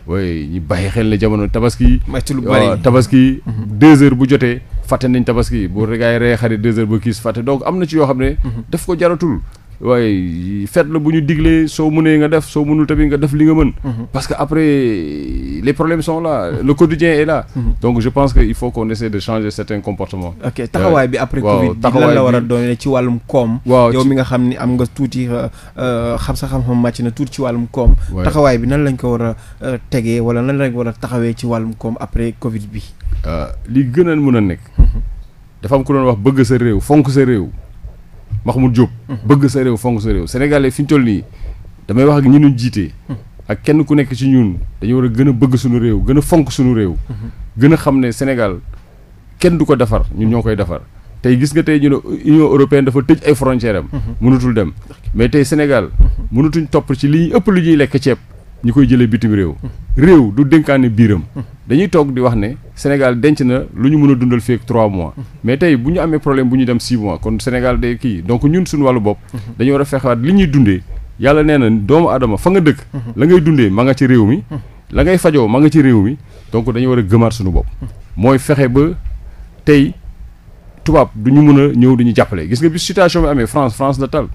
Speaker 2: waaye ñi bàyyi xel ne jamono tabaski. ci lu bari tabaski. Mhm. deux heures bu jotee fàtte nañ tabaski bu regaay ree xarit deux heures ba kiis fàtte donc am na ci yoo xam ne. Mhm. daf ko jaratul. waaye fet la bu ñu diglee soo mënee nga def soo mënul tamit nga def li nga mën. Mhm. parce que après les problèmes son la le quotidien est là. Mhm. donc je pense que il faut qu'on essaie de changer certains comportements. taxawaay bi après. Covid bi lan a doon
Speaker 1: ci wàllum koom. waaw yow mi nga xam ni am nga tuuti euh, euh, xam sa xam màcc na tuuti ci wàllum koom. taxawaay bi nan lañ ko war a euh, tegee wala nan lañ
Speaker 2: war a taxawee ci wàllum koom après Covid bi. li gën a mën a nekk. Mhm. dafa am ku doon wax bëgg sa réew fonk sa réew. mu Diop. Mhm. bëgg sa réew fonk sa réew sénégalais fi ñu toll nii damay wax ak ñu ñu jiite. Mhm. ak kenn ku nekk ci ñun dañu war a gën a bëgg suñu réew gën a fonk suñu réew. Mhm. gën a xam ne Sénégal kenn du ko defar ñu ñoo koy defar tey gis nga tey ñu ne Union européenne dafa tëj ay frontières am. mënatul dem mais tey Sénégal mënatuñ topp ci li ñuy ëpp lu ñuy lekk ceeb. ñu koy jëlee bitim réew. réew du dénkaane biiram. dañuy toog di wax ne Sénégal denc na lu ñu mën a dundal fii ak 3 mois. mais tey bu ñu amee problème bu ñu dem 6 mois kon Sénégal de kii donc ñun suñu wàllu bopp. dañu war a fexewaat li ñuy dundee yàlla nee na doomu aadama fa nga dëkk. la ngay dundee ma nga ci réew mi. la ngay fajoo ma nga ci réew mi donc dañu war a gëmaat suñu bopp. mooy fexe ba tey tubaab du ñu mën a ñëw duñu jàppale gis nga bi situation bi amee France France la tal.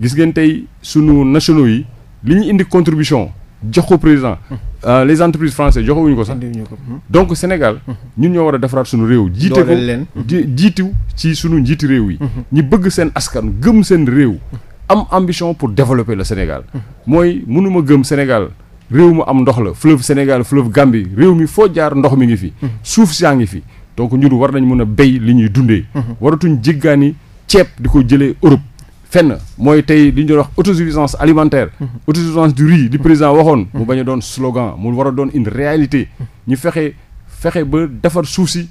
Speaker 2: gis ngeen tey sunu nationaux yi li ñu indi contribution. jox ko président hmm. euh, les entreprises françaises joxe wuñu ko sax
Speaker 1: hmm.
Speaker 2: donc Sénégal hmm. ñun ñoo war a defaraat suñu réew jiite ko jiitu ci suñu njiiti réew yi ñi bëgg seen askan gëm seen réew am ambition pour développer la Sénégal mooy mënuma gëm Sénégal réew mu am ndox la fleuve Sénégal fleuve Gambie réew mi foo jaar ndox mi ngi fi suuf saa ngi fi donc ñun war nañ mën a béy li ñuy dundee waratuñ jéggaani ceeb di ko jëlee Europe fenn mooy tey li ñu doon wax autosuffisance alimentaire mhm. autosuffisance du riz li président waxoon mhm. mu bañ doon slogan mu war a doon une réalité ñu fexe fexe ba defar suuf si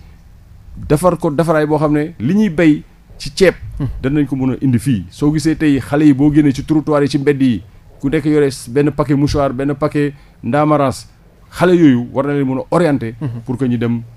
Speaker 2: defar ko defaraay boo xam ne li ñuy béy ci ceeb mhm. danañ ko mën a indi fii soo gisee tey xale yi boo génnee ci trottoir yi ci mbedd yi ku nekk yore benn paquet mouchoir benn paquet ndaamaras xale yooyu war na leen mën a orienter pour que ñu dem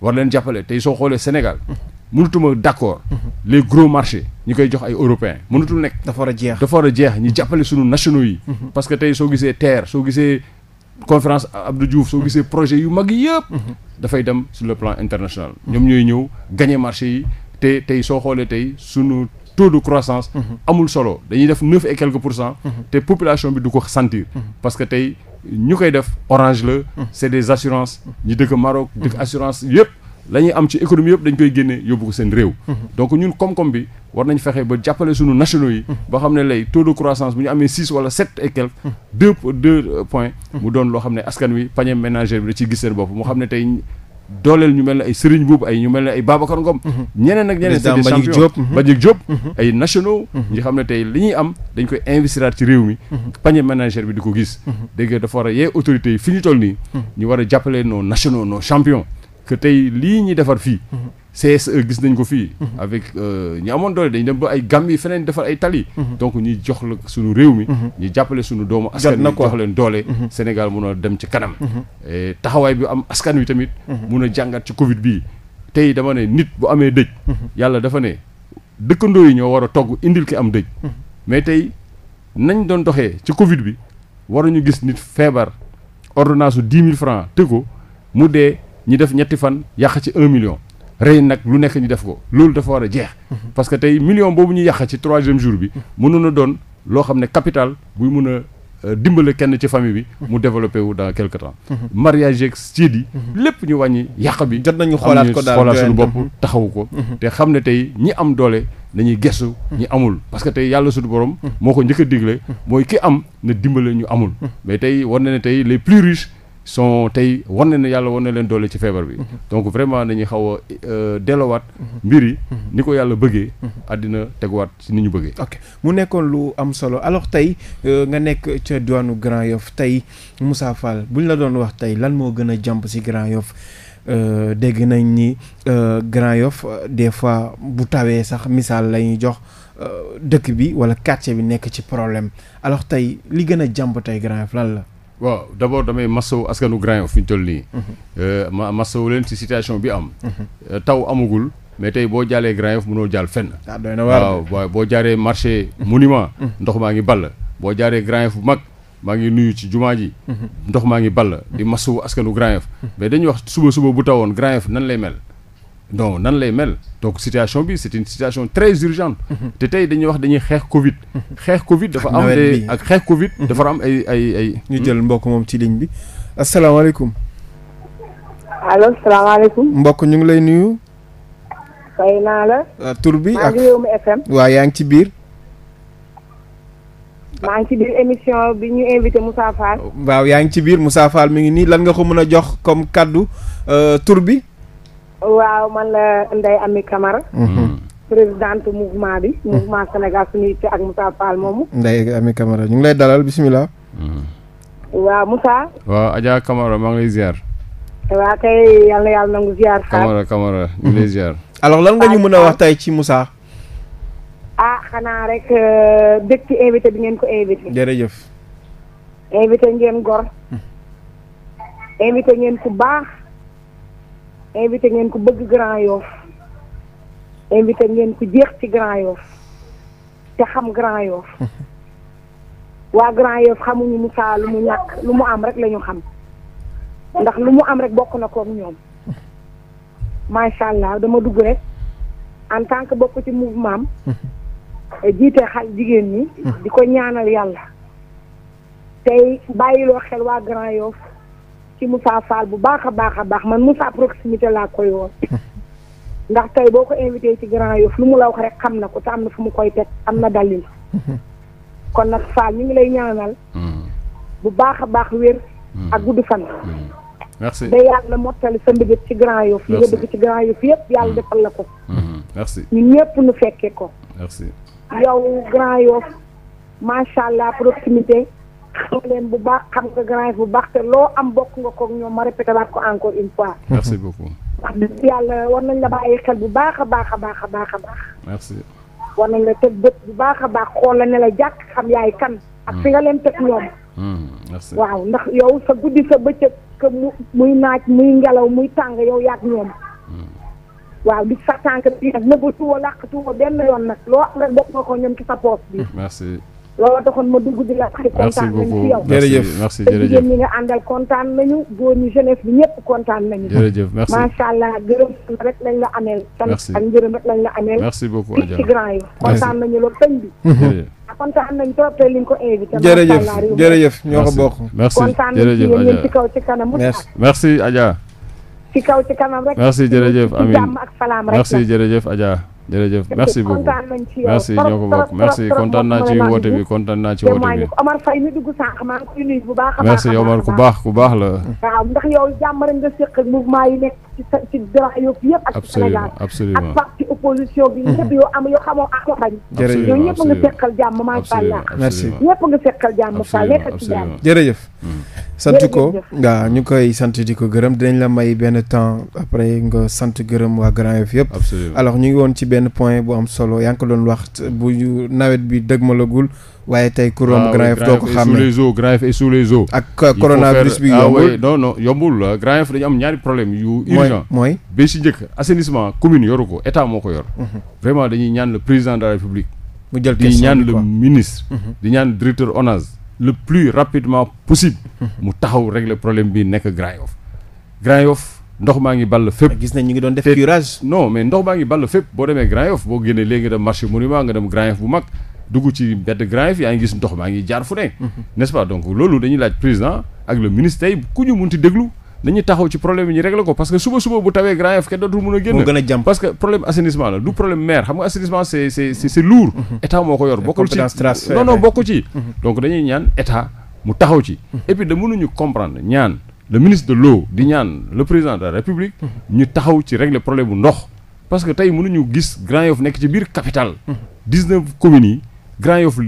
Speaker 2: war leen jàppale tey soo xoolee Sénégal mënatuma d'accord les gros marchés ñi koy jox ay européens mënatul nekk dafa war a jeex dafa war a jeex ñu jàppale suñu nationaux yi mhm. parce que tey soo gisee terre soo gisee conférence Abdou Diouf soo mhm. gisee projet yu mag yëpp mhm. dafay dem sur le plan international ñoom ñooy ñëw gagner marché yi te tey soo xoolee tey sunu taux de croissance amul solo dañuy def neuf et quelques pour cent te population bi du ko sentir parce ñu koy def orange la. c'est des assurances. ñu dëkk Maroc dëkk assurance yëpp. la ñuy am ci économie yëpp dañ koy génne yóbbu ko seen réew. donc ñun koom-koom bi war nañ fexe ba jàppale suñu nationaux yi. boo xam ne lay taux de croissance bu ñu amee six wala sept et deux euh, points. mu doon loo xam ne askan wi panier ménager bi da ci gis seen bopp mu xam ne tey dooleel ñu mel ne ay Serigne Boub ay ñu mel ne ay Babacar Ngom. Mhm. ñeneen ak ñeneen c'est des champions Mbagnick Diop mhm. ay nationaux. Mhm. ñi xam ne tey li ñuy am dañ koy investiraat ci réew mi. panier ménagère bi di ko gis. dégg nga dafa war a yee autorités yi fi ñu toll nii. ñu war a jàppale noo nationaux nos champions. que tey lii ñuy defar fii. CSE gis nañ ko fii. avec euh, ñi amoon doole dañ dem ba ay gàmm yi feneen defar ay tali. donc ñuy jox la suñu réew mi. ñu jàppale suñu doomu askan wi wax leen doole. Mhm. Sénégal mun a dem ci kanam. Mhm. taxawaay bi am askan wi tamit. Mhm. mun a jàngat ci Covid bii. tey dama ne nit bu amee dëj. yàlla dafa ne dëkkandoo yi ñoo war a togg indil ki am dëj. mais tey nañ doon doxee ci Covid bi war ñu gis nit feebar ordonnance su mille francs te ko mu dee ñi def ñetti fan yàq ci un million. rey nag lu nekk ñu def ko loolu dafa war a jeex. Mhm. parce que tey million boobu ñu yàq ci troisième jour bi. Mhm. mënoon a doon loo xam ne capital buy mun a. Euh, dimbale kenn ci famille bi. Mhm. mu développé wu dans quelque temps. mariage yeeg séed lépp ñu wàññi yàq bi. jot nañu xoolaat ko daal xoolaat suñu bopp taxawu ko. te xam ne tey ñi am doole dañuy gestu ñi amul. parce que tey yàlla suñu borom. moo ko njëkk a digle. mooy ki am na dimbale ñu amul. mais tey war na ne tey les plus riches. son tey war na ne yàlla war na leen doole ci feebar bi. Mhm. donc vraiment nañuy xaw a euh, dellowaat. mbir yi mhm. Mhm. ni ko yàlla bëggee. àddina teguwaat ci ni ñu bëggee.
Speaker 1: ok mu nekkoon lu am solo alors tey euh, nga nekk ca diwaanu Grand Yoff tey Moussa bu ñu la doon wax tey lan moo gën a jàmb si Grand Yoff. Euh, dégg nañ ni euh, Grand Yoff euh, des fois bu tawee sax misaal la ñuy jox euh, dëkk bi wala quartier bi nekk ci problème alors tey li gën a jàmb tey Grand Yoff lan la.
Speaker 2: waaw d' abord damay wu askanu Grand Yoff fi ñu toll nii. Mhm. Euh, ma wu leen ci situation bi am. Mhm. Euh, taw amagul. mais tey boo jaalee Grand Yoff mënoo jaal fenn. Ah, waaw waaw boo jaaree marché monument. Mhm. ndox maa ngi ball. boo jaaree Grand Yoff bu mag maa ngi nuyu ci jumaa ji. ndox maa ngi ball. di mass wu askanu Grand Yoff mais dañuy wax suba suba bu tawoon Grand Yoff nan lay mel. donc nan lay mel donc situation bi c'est une situation très urgente mhm. te tey dañuy wax dañuy xeex Covid mhm. xeex Covid dafa am des ak xeex Covid dafa am ay ay ay ñu jël mbokk moom ci ligne bi asalaamaaleykum
Speaker 5: allo
Speaker 1: mbokk ñu ngi lay nuyu
Speaker 5: fay naa
Speaker 1: ah, tur bi ak Rewmi waaw yaa ngi ci biir
Speaker 5: maa ngi ci biir yaa
Speaker 1: ngi ci biir Moussa Fall mi ngi nii lan nga ko mën a jox comme kàddu euh, tur bi
Speaker 5: waaw man la Ndeye Amy Camara. Mhm. présidente mouvement bi. Mhm. mouvement Sénégal suñu yitte ak Moussa Fall moomu.
Speaker 1: Ndeye Amy Camara
Speaker 2: ñu ngi lay dalal bisimilah. Mhm.
Speaker 5: waaw Moussa.
Speaker 2: waaw Adja Camara maa ngi lay
Speaker 5: waa kay yal na yàlla nangu ziar. Camara
Speaker 2: Camara ñu lay ziar. alors lan nga ñu mën a wax
Speaker 1: tey ci musa
Speaker 5: ah xanaa rek dëkk euh, invité bi ngeen ko invité. jërëjëf. invité ngeen gor. Hmm. invité ngeen ku baax. invité ngeen ku bëgg Grand Yoff invité ngeen ku jeex ci Grand Yoff te xam Grand Yoff waa Grand Yoff xamuñu Moussa lu mu ñàkk lu mu am rek lañu xam ndax lu mu am rek bokk na koog ñoom macha allah dama dugg rek en tant que bokk ci mouvement am jiite xal jigéen ñi di ko ñaanal yàlla tey bàyyiloo xel waa Grand Yoff ci Moussa Fall bu baax a baax a baax man Moussa proximité laa koy woon ndax tey boo ko invité ci Grand Yoff lu mu la wax rek xam na ko te am na fu mu koy teg am na dalil kon nag Fall ñu ngi lay ñaanal hmm. bu baax a baax wér hmm. ak gudd fan
Speaker 3: hmm. merci da yàlla
Speaker 5: mottali sa mbébét ci Grand Yoff li nga bëgg ci Grand Yoff yëpp yàlla defal la ko merci ñun ñëpp nu fekkee ko merci yow Grand Yoff macha allah proximité xam leen bu baax xam nga grand bu baax te loo am bokk nga koog ñoom ma répété ko encore une fois.
Speaker 2: merci beaucoup.
Speaker 5: yàlla war nañ la bàyyi xel bu baax a baax a baax a baax a baax. merci. war nañ la teg bët bu baax a baax xool la ne la jàkk xam yaay kan. ak fi nga leen teg hmm. ñoom. Hmm. waaw ndax yow sa guddi sa bëccëg que mu muy naaj muy ngelaw muy tàng yow yaag ñoom. Hmm. waaw di sa tànk bi nag nëbbatu woo làqatu woo benn yoon nag loo xam ne bokk nga ko ñoom ci sa poos bi. looloo taxoon ma dugg di la xay kontaan nañu ci yow
Speaker 2: jërëjëf merci jërëjëf jigéen
Speaker 5: ñi kontaan nañu góor ñi jeunesse bi ñëpp kontaan nañu jërëjëf merci allah gërëm rek lañ la ameel sant ak njërëm rek lañ la ameel merci
Speaker 2: beaucoup Adja ci grand
Speaker 5: yi kontaan nañu loolu sëñ bi ah, kontaan nañ trop te liñ ko invité jërëjëf jërëjëf
Speaker 2: ñoo ko bokk merci kontaan nañ ci yéen kaw ci kanam merci Adja
Speaker 5: ci kaw ci kanam rek merci jërëjëf amiin ak salaam rek
Speaker 2: jërëjëf Adja jërëjëf merci beaucoup merci ñoo merci kontaan naa ci woote bi kontaan naa ci woote bi
Speaker 5: bu baax a baax merci Omar ku baax ku baax la waaw ndax ak mouvement yi nekk ci opposition bi ñëpp yow am yoo xamoo ak bañ
Speaker 1: jërëjëf sant ko nga ñu koy sant di ko gërëm dinañ la may benn temps après nga sant gërëm waa Grand Yoff yëpp. alors ñu ngi woon ci benn point bu am solo yaa ngi ko doon wax bu nawet bi dëgmalagul waaye tey kuróom ah Grand Yoff doo ko xàmmee sous les
Speaker 2: eaux Grand Yoff et sous les euh, bi ah yombul non non yombul Grand Yoff dañu am ñaari problème yu mooy ba si njëkk assainissement commune yoru ko état moo ko yor mhm. vraiment dañuy ñaan le président de la république mu jël di ñaan le ministre mhm. di ñaan le plus rapidement possible. mu taxaw régler problème bi nekk Grand Yoff. Grand Yoff ndox maa ngi ball fépp. gis nañ ñu ngi doon def curage. non mais ndox maa ngi ball fépp boo demee Grand Yoff boo génnee léegi dem marché monument nga dem Grand Yoff bu mag dugg ci mbedd Grand Yoff yaa ngi gis ndox maa ngi jaar fu ne. Mhm. nest pas donc loolu dañuy laaj président ak le ministre tey ku ñu munti déglu. dañuy taxaw ci problème yi ñu réglé ko parce que suba suba bu tawee Grand Yoff kenn dootul mën a génn. moo gën a jàmm parce que problème assainissement la du problème maire xam nga assainissement c' est c' est c' est lourd. Mhm. état moo ko yor bokkul ci non bokku ci. Mhm. donc dañuy ñaan état mu taxaw ci. Mhm. et puis de mënuñu comprendre ñaan le ministre de l'eau di ñaan le président de la république. ñu taxaw ci régler problème bu ndox. parce que tey mënuñu gis Grand Yoff nekk ci biir capitale. 19 communes yi Grand Yoff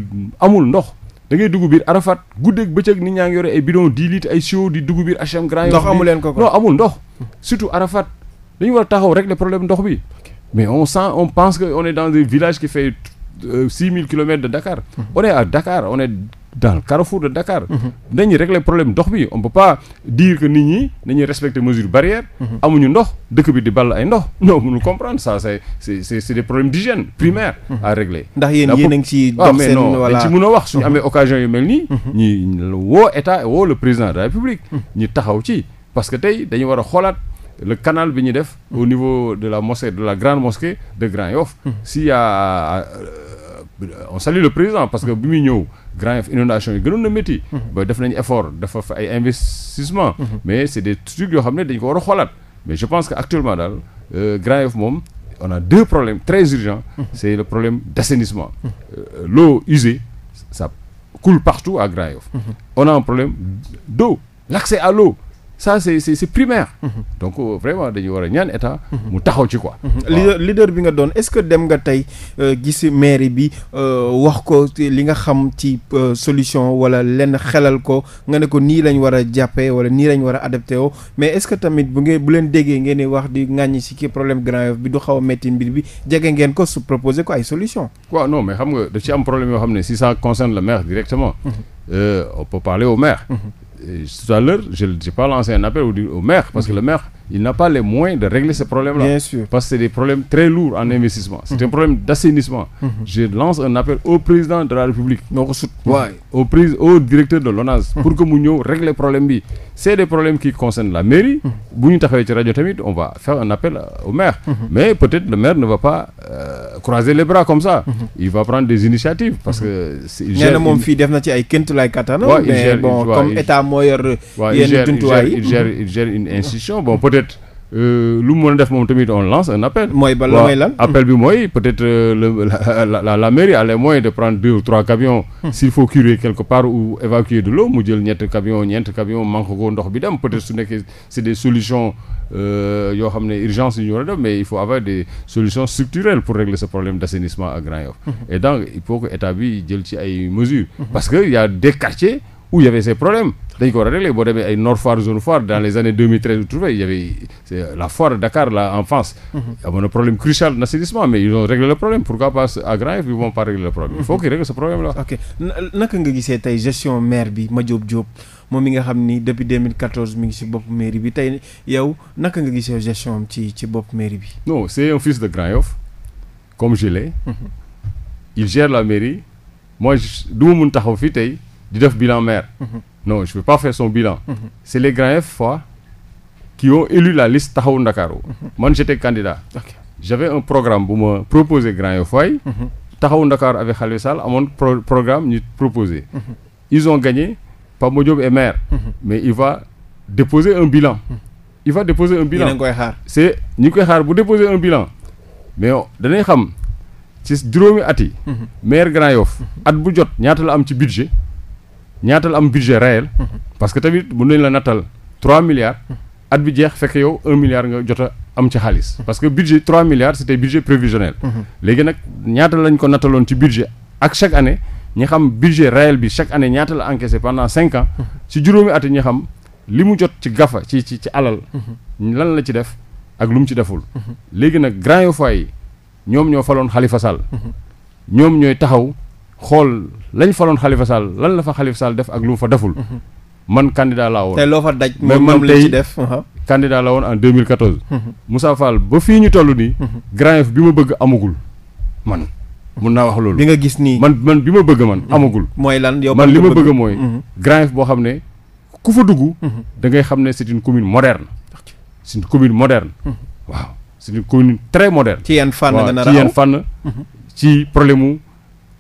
Speaker 2: amul ndox. dangay ngay dugg Arafat guddeeg bëccëg nit ñaa ngi yore ay bidon 10 ay siwo di dugg biir HM Grand Yoff. ndox leen ko non amul ndox. surtout Arafat dañu war a taxaw rek le problème ndox bi. mais on sent on pense que on est dans un village qui fait 6000 euh, kilomètres de Dakar. Hmm. on est Dakar on dans le carrefour de Dakar. nañu régler problème dox bi on peut pas dire que nit ñi dañu respecter mesure barrière. amuñu ndox dëkk bi di ball ay ndox non mënu comprendre ça c'est c'est c'est des problèmes d'hygiène primaire mhm. à régler. ndax yéen yéen a ngi ciy dox ah, seen voilà dañ ci mën wax suñu mhm. amee occasion yu mel nii. Mhm. ñi woo état woo le président de la république. ñi taxaw ci parce que tey dañu war a xoolaat. le canal bi ñu def au niveau de la mosquée de la grande mosquée de Grand Yoff si y a euh, on salue parce que bi muy ñëw Grand Yoff inondation yi gënoon na métti. Mhm. ba def nañ effort dafa fa ay investissement mhm. mais c' est des yoo xam ne dañ ko war a xoolaat mais je pense que actuellement daal euh, Grand Yoff moom on a deux problèmes très urgents mhm. c' le problème d' assainissement euh, l'eau usée ça coule partout à Grand Yoff on a un problème do l'accès à l'eau ça c'est c'est c'est primaire. donc euh, vraiment dañu war a ñaan état. mu taxaw ci quoi. Mhm. leader bi nga doon est-ce que
Speaker 1: dem nga tey euh, gis maire bi euh, wax ko li nga xam ci solution wala lenn xelal ko nga ne ko nii lañ war a jàppee wala nii lañ war a adapté woo mais est-ce que tamit bu ngeen bu leen déggee ngeen di wax di ŋàññi si kii problème Grand Yoff bi du xaw a métti mbir bi jege ngeen ko su proposer ko ay solution
Speaker 2: waaw non mais xam nga daf ci am problème yoo xam ne si ça concerne le maire directement. Mhm. on peut parler au maire. Mhm. tout à l'heure je j'ai pas lancé un appel au, au maire parce que le maire il n'a pas les moyens de régler ces problèmes-là. Parce que c'est des problèmes très lourds en investissement. C'est un mhm. problème d'assainissement. Mhm. Je lance un appel au président de la République. noo ko au directeur de l'ONAS mhm. pour que mu ñëw régler problème bi. c'est des problèmes qui concernent la mairie. bu ñu taxawee ci rajo on va faire un appel au maire. mais peut-être le maire ne va pas euh, croiser les bras comme ça. il va prendre des peut euh, lu mu mën a def moom tamit on lance un appel. bi mooy peut-être euh, la la la a les moyens de prendre deux ou trois camions. Hmm. s'il faut curer quelque part ou évacuer de l'eau mu jël ñett camion ñeent camion manque ko ndox bi dem peut-être su nekkee c'est des solutions. Euh, yoo xam ne urgence yu ñu mais il faut avoir des solutions structurelles pour régler ce problème d'assainissement à Grand-Yoff hmm. et donc il faut que état bi jël ci ay mesures parce que il y a des dañ ko war a régler boo demee eh, ay Nord Foire Zone Foire dans les années 2013 trouvé il la foire Dakar là en France na mhm. problème crucial d'assainissement mais ils ont réglé le problème pourquoi pas à Grand Yoff ils vont pas régler le problème il faut mhm. qu'ils
Speaker 1: règlent ce problème là ok naka nga gisee tey gestion maire bi ma Madiop Diop moom mi nga xam ni depuis 2014 mi ngi ci bopp mairie bi tey yow naka nga gisee gestion am ci ci bopp maire bi
Speaker 2: non c'est un fils de Grand Yoff comme je mhm. taxaw fii tey di def bilan maire non je veux pas faire son bilan. Mm c'est les grands F fois qui ont élu la liste taxawu Ndakaaru. Mhm. man j'étais candidat. Okay. j'avais un programme bu ma proposé grand Yoff Foy. Mhm. taxawu Ndakaaru avec Khalifa Sall amoon programme ñu proposé. Mhm. ils ont gagné Pape Modiop est maire. mais il va déposer un bilan. il va déposer un bilan koy xaar. c'est ñu ngi koy xaar bu déposer un bilan mais danay xam ci juróomi at maire grand Yoff at bu jot ñaata la am ci budget. ñaata la am budget réel. Mhm. parce que tamit mën nañ la nattal 3 milliards. Mhm. at bi jeex fekk yow 1 milliard jot am ci xaalis. Mhm. parce que budget 3 milliards c' était léegi nag ñaata lañ ko nataloon ci budget ak chaque année ñi xam budget réel bi chaque année ñaata la encaissé pendant 5 ans. ci juróomi at yi ñi xam li mu jot ci gafa ci ci ci alal. lan la ci def ak lu mu ci deful. léegi nag Grand Yoff yi ñoom ñoo faloon xalifa Sall. ñoom ñooy taxaw. xool lañ faloon xalifa Sall lan la fa Khalifa Sall def ak lu mu fa deful. Mhm. man candidat laa woon. tey loo fa daj. mais man tey def candidat la woon en 2014. Mhm. Moussa Fall ba fii ñu toll nii. Mhm. Grand Yoff bi ma bëgg amagul man. mun naa wax loolu bi nga gis nii. man man bi ma bëgg man amagul. mooy lan yow man li ma bëgg mooy. Grand Yoff boo xam ne ku fa dugg. da ngay xam ne c'est une commune moderne. c'est une commune moderne. waaw c'est une commune très moderne. ci yenn fànn nga nar ci yenn mu.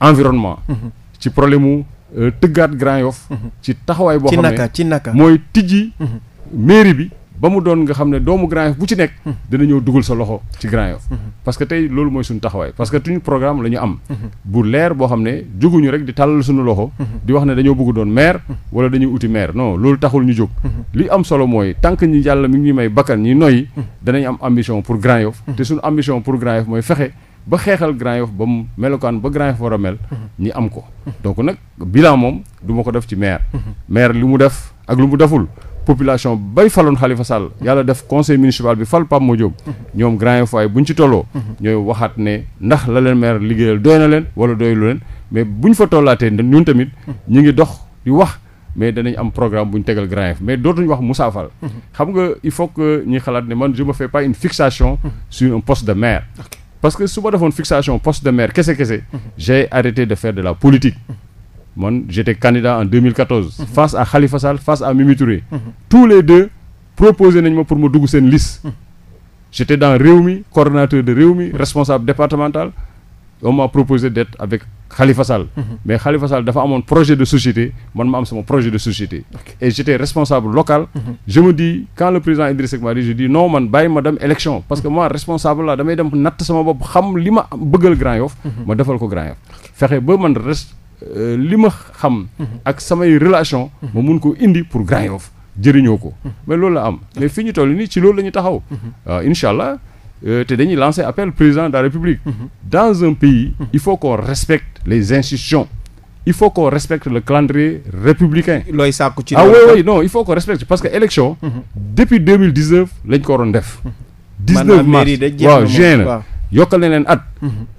Speaker 2: environnement. Mhm. ci problème mu euh, tëggaat Grand Yoff mhm. ci taxawaay boo xam ne ci naka ci naka mooy tijji. Mhm. mairie bi ba mu doon nga xam ne doomu Grand Yoff bu ci nekk. dina ñëw dugal sa loxo ci Grand Yoff parce que tey loolu mooy suñ taxawaay parce que tuñu programme la ñu am. bu leer boo xam ne jóguñu rek di tàllal suñu loxo. di wax ne dañoo bëgg doon maire. wala dañuy uti maire non loolu taxul ñu jóg. li am solo mooy tànk ñi yàlla mi ngi may bakkan ñi noyyi. danañ am ambition pour Grand Yoff te suñu ambition pour mooy fexe. ba xeexal Grand Yoff ba mu melokaan ba Grand Yoff war a mel. ñi am ko. donc nag bilan moom du ma ko def ci maire. maire li mu def ak lu mu deful. population bay faloon Khalifa Sall yàlla def conseil municipal bi fal Pape Modiop ñoom Grand Yoff waaye bu ñu ci tolloo ñooy waxaat ne ndax la leen maire liggéeyal doy na leen wala doylu leen mais bu ñu fa tollaatee ñun tamit ñu ngi dox di wax mais danañ am programme bu ñu tegal Grand Yoff mais dootuñu wax Moussa Fall xam nga il faut que ñuy xalaat ne man je me fais pas de maire parce que su ma defoon fixation poste de maire kese kese. j'ai arrêté de faire de la politique. man j'étais candidat en 2014. face à Khalifa Sall face à Mimi tous les deux proposé nañ ma pour ma dugg seen liste. j'étais dans réew mi coordonnateur de Rewmi responsable départemental. on m'a proposé d'être avec Khalifa mhm. mais Khalifa dafa amoon projet de société man ma am sama projet de société. Okay. et j'étais responsable local. Mmh. je me dis quand le président Idriss Seck m'a dit je dis non man bàyyi ma dem élection. parce que mhm. moi responsable la damay dem natt sama bopp xam li ma bëggal Grand Yoff. Mhm. ma defal ko Grand Yoff. fexe ba man res euh, li ma xam. ak samay relation ma mun ko indi pour Grand Yoff jëriñoo ko. mais loolu la am mais fi ñu toll nii ci loolu la ñu taxaw. Euh, incha allah. Euh, te dañuy lancer appel président de la République. Mhm. dans un pays. il faut qu'on respecte les institutions. il faut qu'on respecte le calendrier républicain. looy sàkku ci. ah oui oui non il faut qu'on respecte parce que élection. Mhm. depuis deux mille dix neuf lañ ko waroon mhm. mars waaw juin la yokkal na leen at.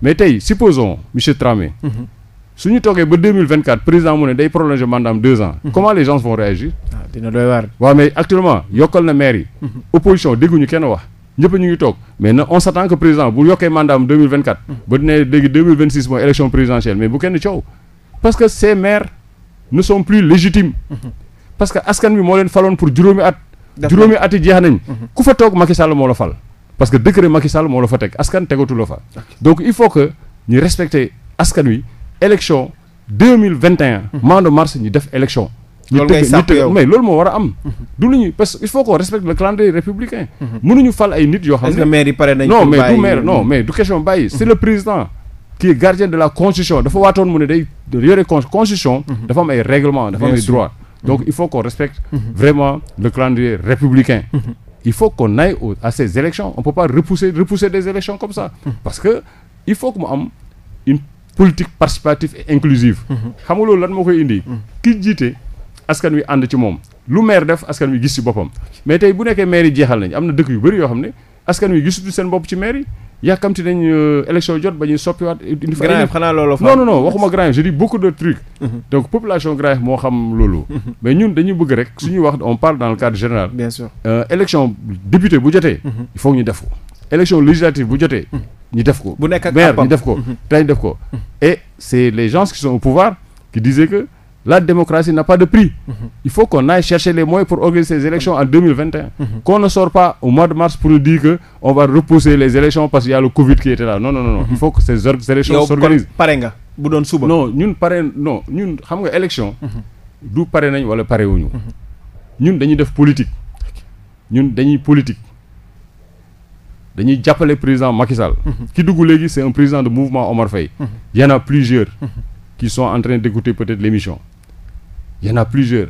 Speaker 2: mais tey supposons monsieur Dramé. su ñu toogee ba deux mille vingt quatre président mu ne day prolonger mandaam deux ans. comment les gens vont réagir. Ah, dina doy mais actuellement yokkal na maire yi. opposition dégguñu kenn wax. ñëpp ñu ngi toog mais na on s'attend que président bu yokkee mandat am 2024 ba dina léegi 2026 élection présidentielle mais bu kenn coow parce que ces maires ne sont plus légitimes parce que askan bi moo leen faloon pour juróomi at juróomi at yi jeex nañ mhm. ku fa toog Macky Sall moo la fal parce que décret Macky Sall moo la fa teg askan tegatu la fa donc il faut que ñu respecter askan wi élection 2021 mhm. mois de mars ñu def élection loolu ngay sàpp yow mais moo war a am. Mhm. du lu ñu parce que il faut qu'on respecte le calendrier républicain. Mhm. mënuñu fal ay nit yoo xam ne. est-ce que maire yi pare nañ mais du mais du question bàyyi. c'est mhm. le président. qui est gardien de la constitution dafa waatoon mu ne day yore constitution. dafa am ay règlement dafa am ay droit. donc il faut qu'on respecte. vraiment le calendrier républicain. il faut qu'on aille à ces élections on peut pas repousser des élections comme ça. parce que il faut que mu am une politique participative et inclusive. xam nga loolu lan moo koy indi. jiite. askan wi ànd ci moom lu maire def askan wi gis ci boppam mais tey bu nekkee maire yi jeexal nañ am na dëkk yu bëri yoo xam ne askan wi gisutu seen bopp ci maire yi yàkkamti euh, élection jot ba ñuy soppiwaat indi fa non non non waxuma grand je dis beaucoup de trucs mhm. donc population grand moo xam loolu mhm. mais ñun dañuy bëgg rek su ñuy wax on parle dans le cadre général bien sûr euh, élection député bu jotee mhm. il faut ñu def ko élection législative bu jotee ñu def ko bu nekk ak maire def ko dañ def ko et les gens qui sont au la démocratie n'a pas de prix. Mmh. Il faut qu'on aille chercher les moyens pour organiser ces élections en 2021. Mmh. Qu'on ne pas au mois de mars pour nous dire que on va repousser les élections parce qu'il y Covid qui était là. Non non non, il faut que ces élections pare nga bu doon suba. Non ñun pare non ñun xam nga élection mhm. du pare nañ wala pare wuñu. Mhm. ñun dañuy def politique. ñun dañuy politique. dañuy jàppale président Macky Sall. Mhm. ki dugg léegi c'est un président de mouvement en a plusieurs qui sont en train d'écouter peut y en plusieurs.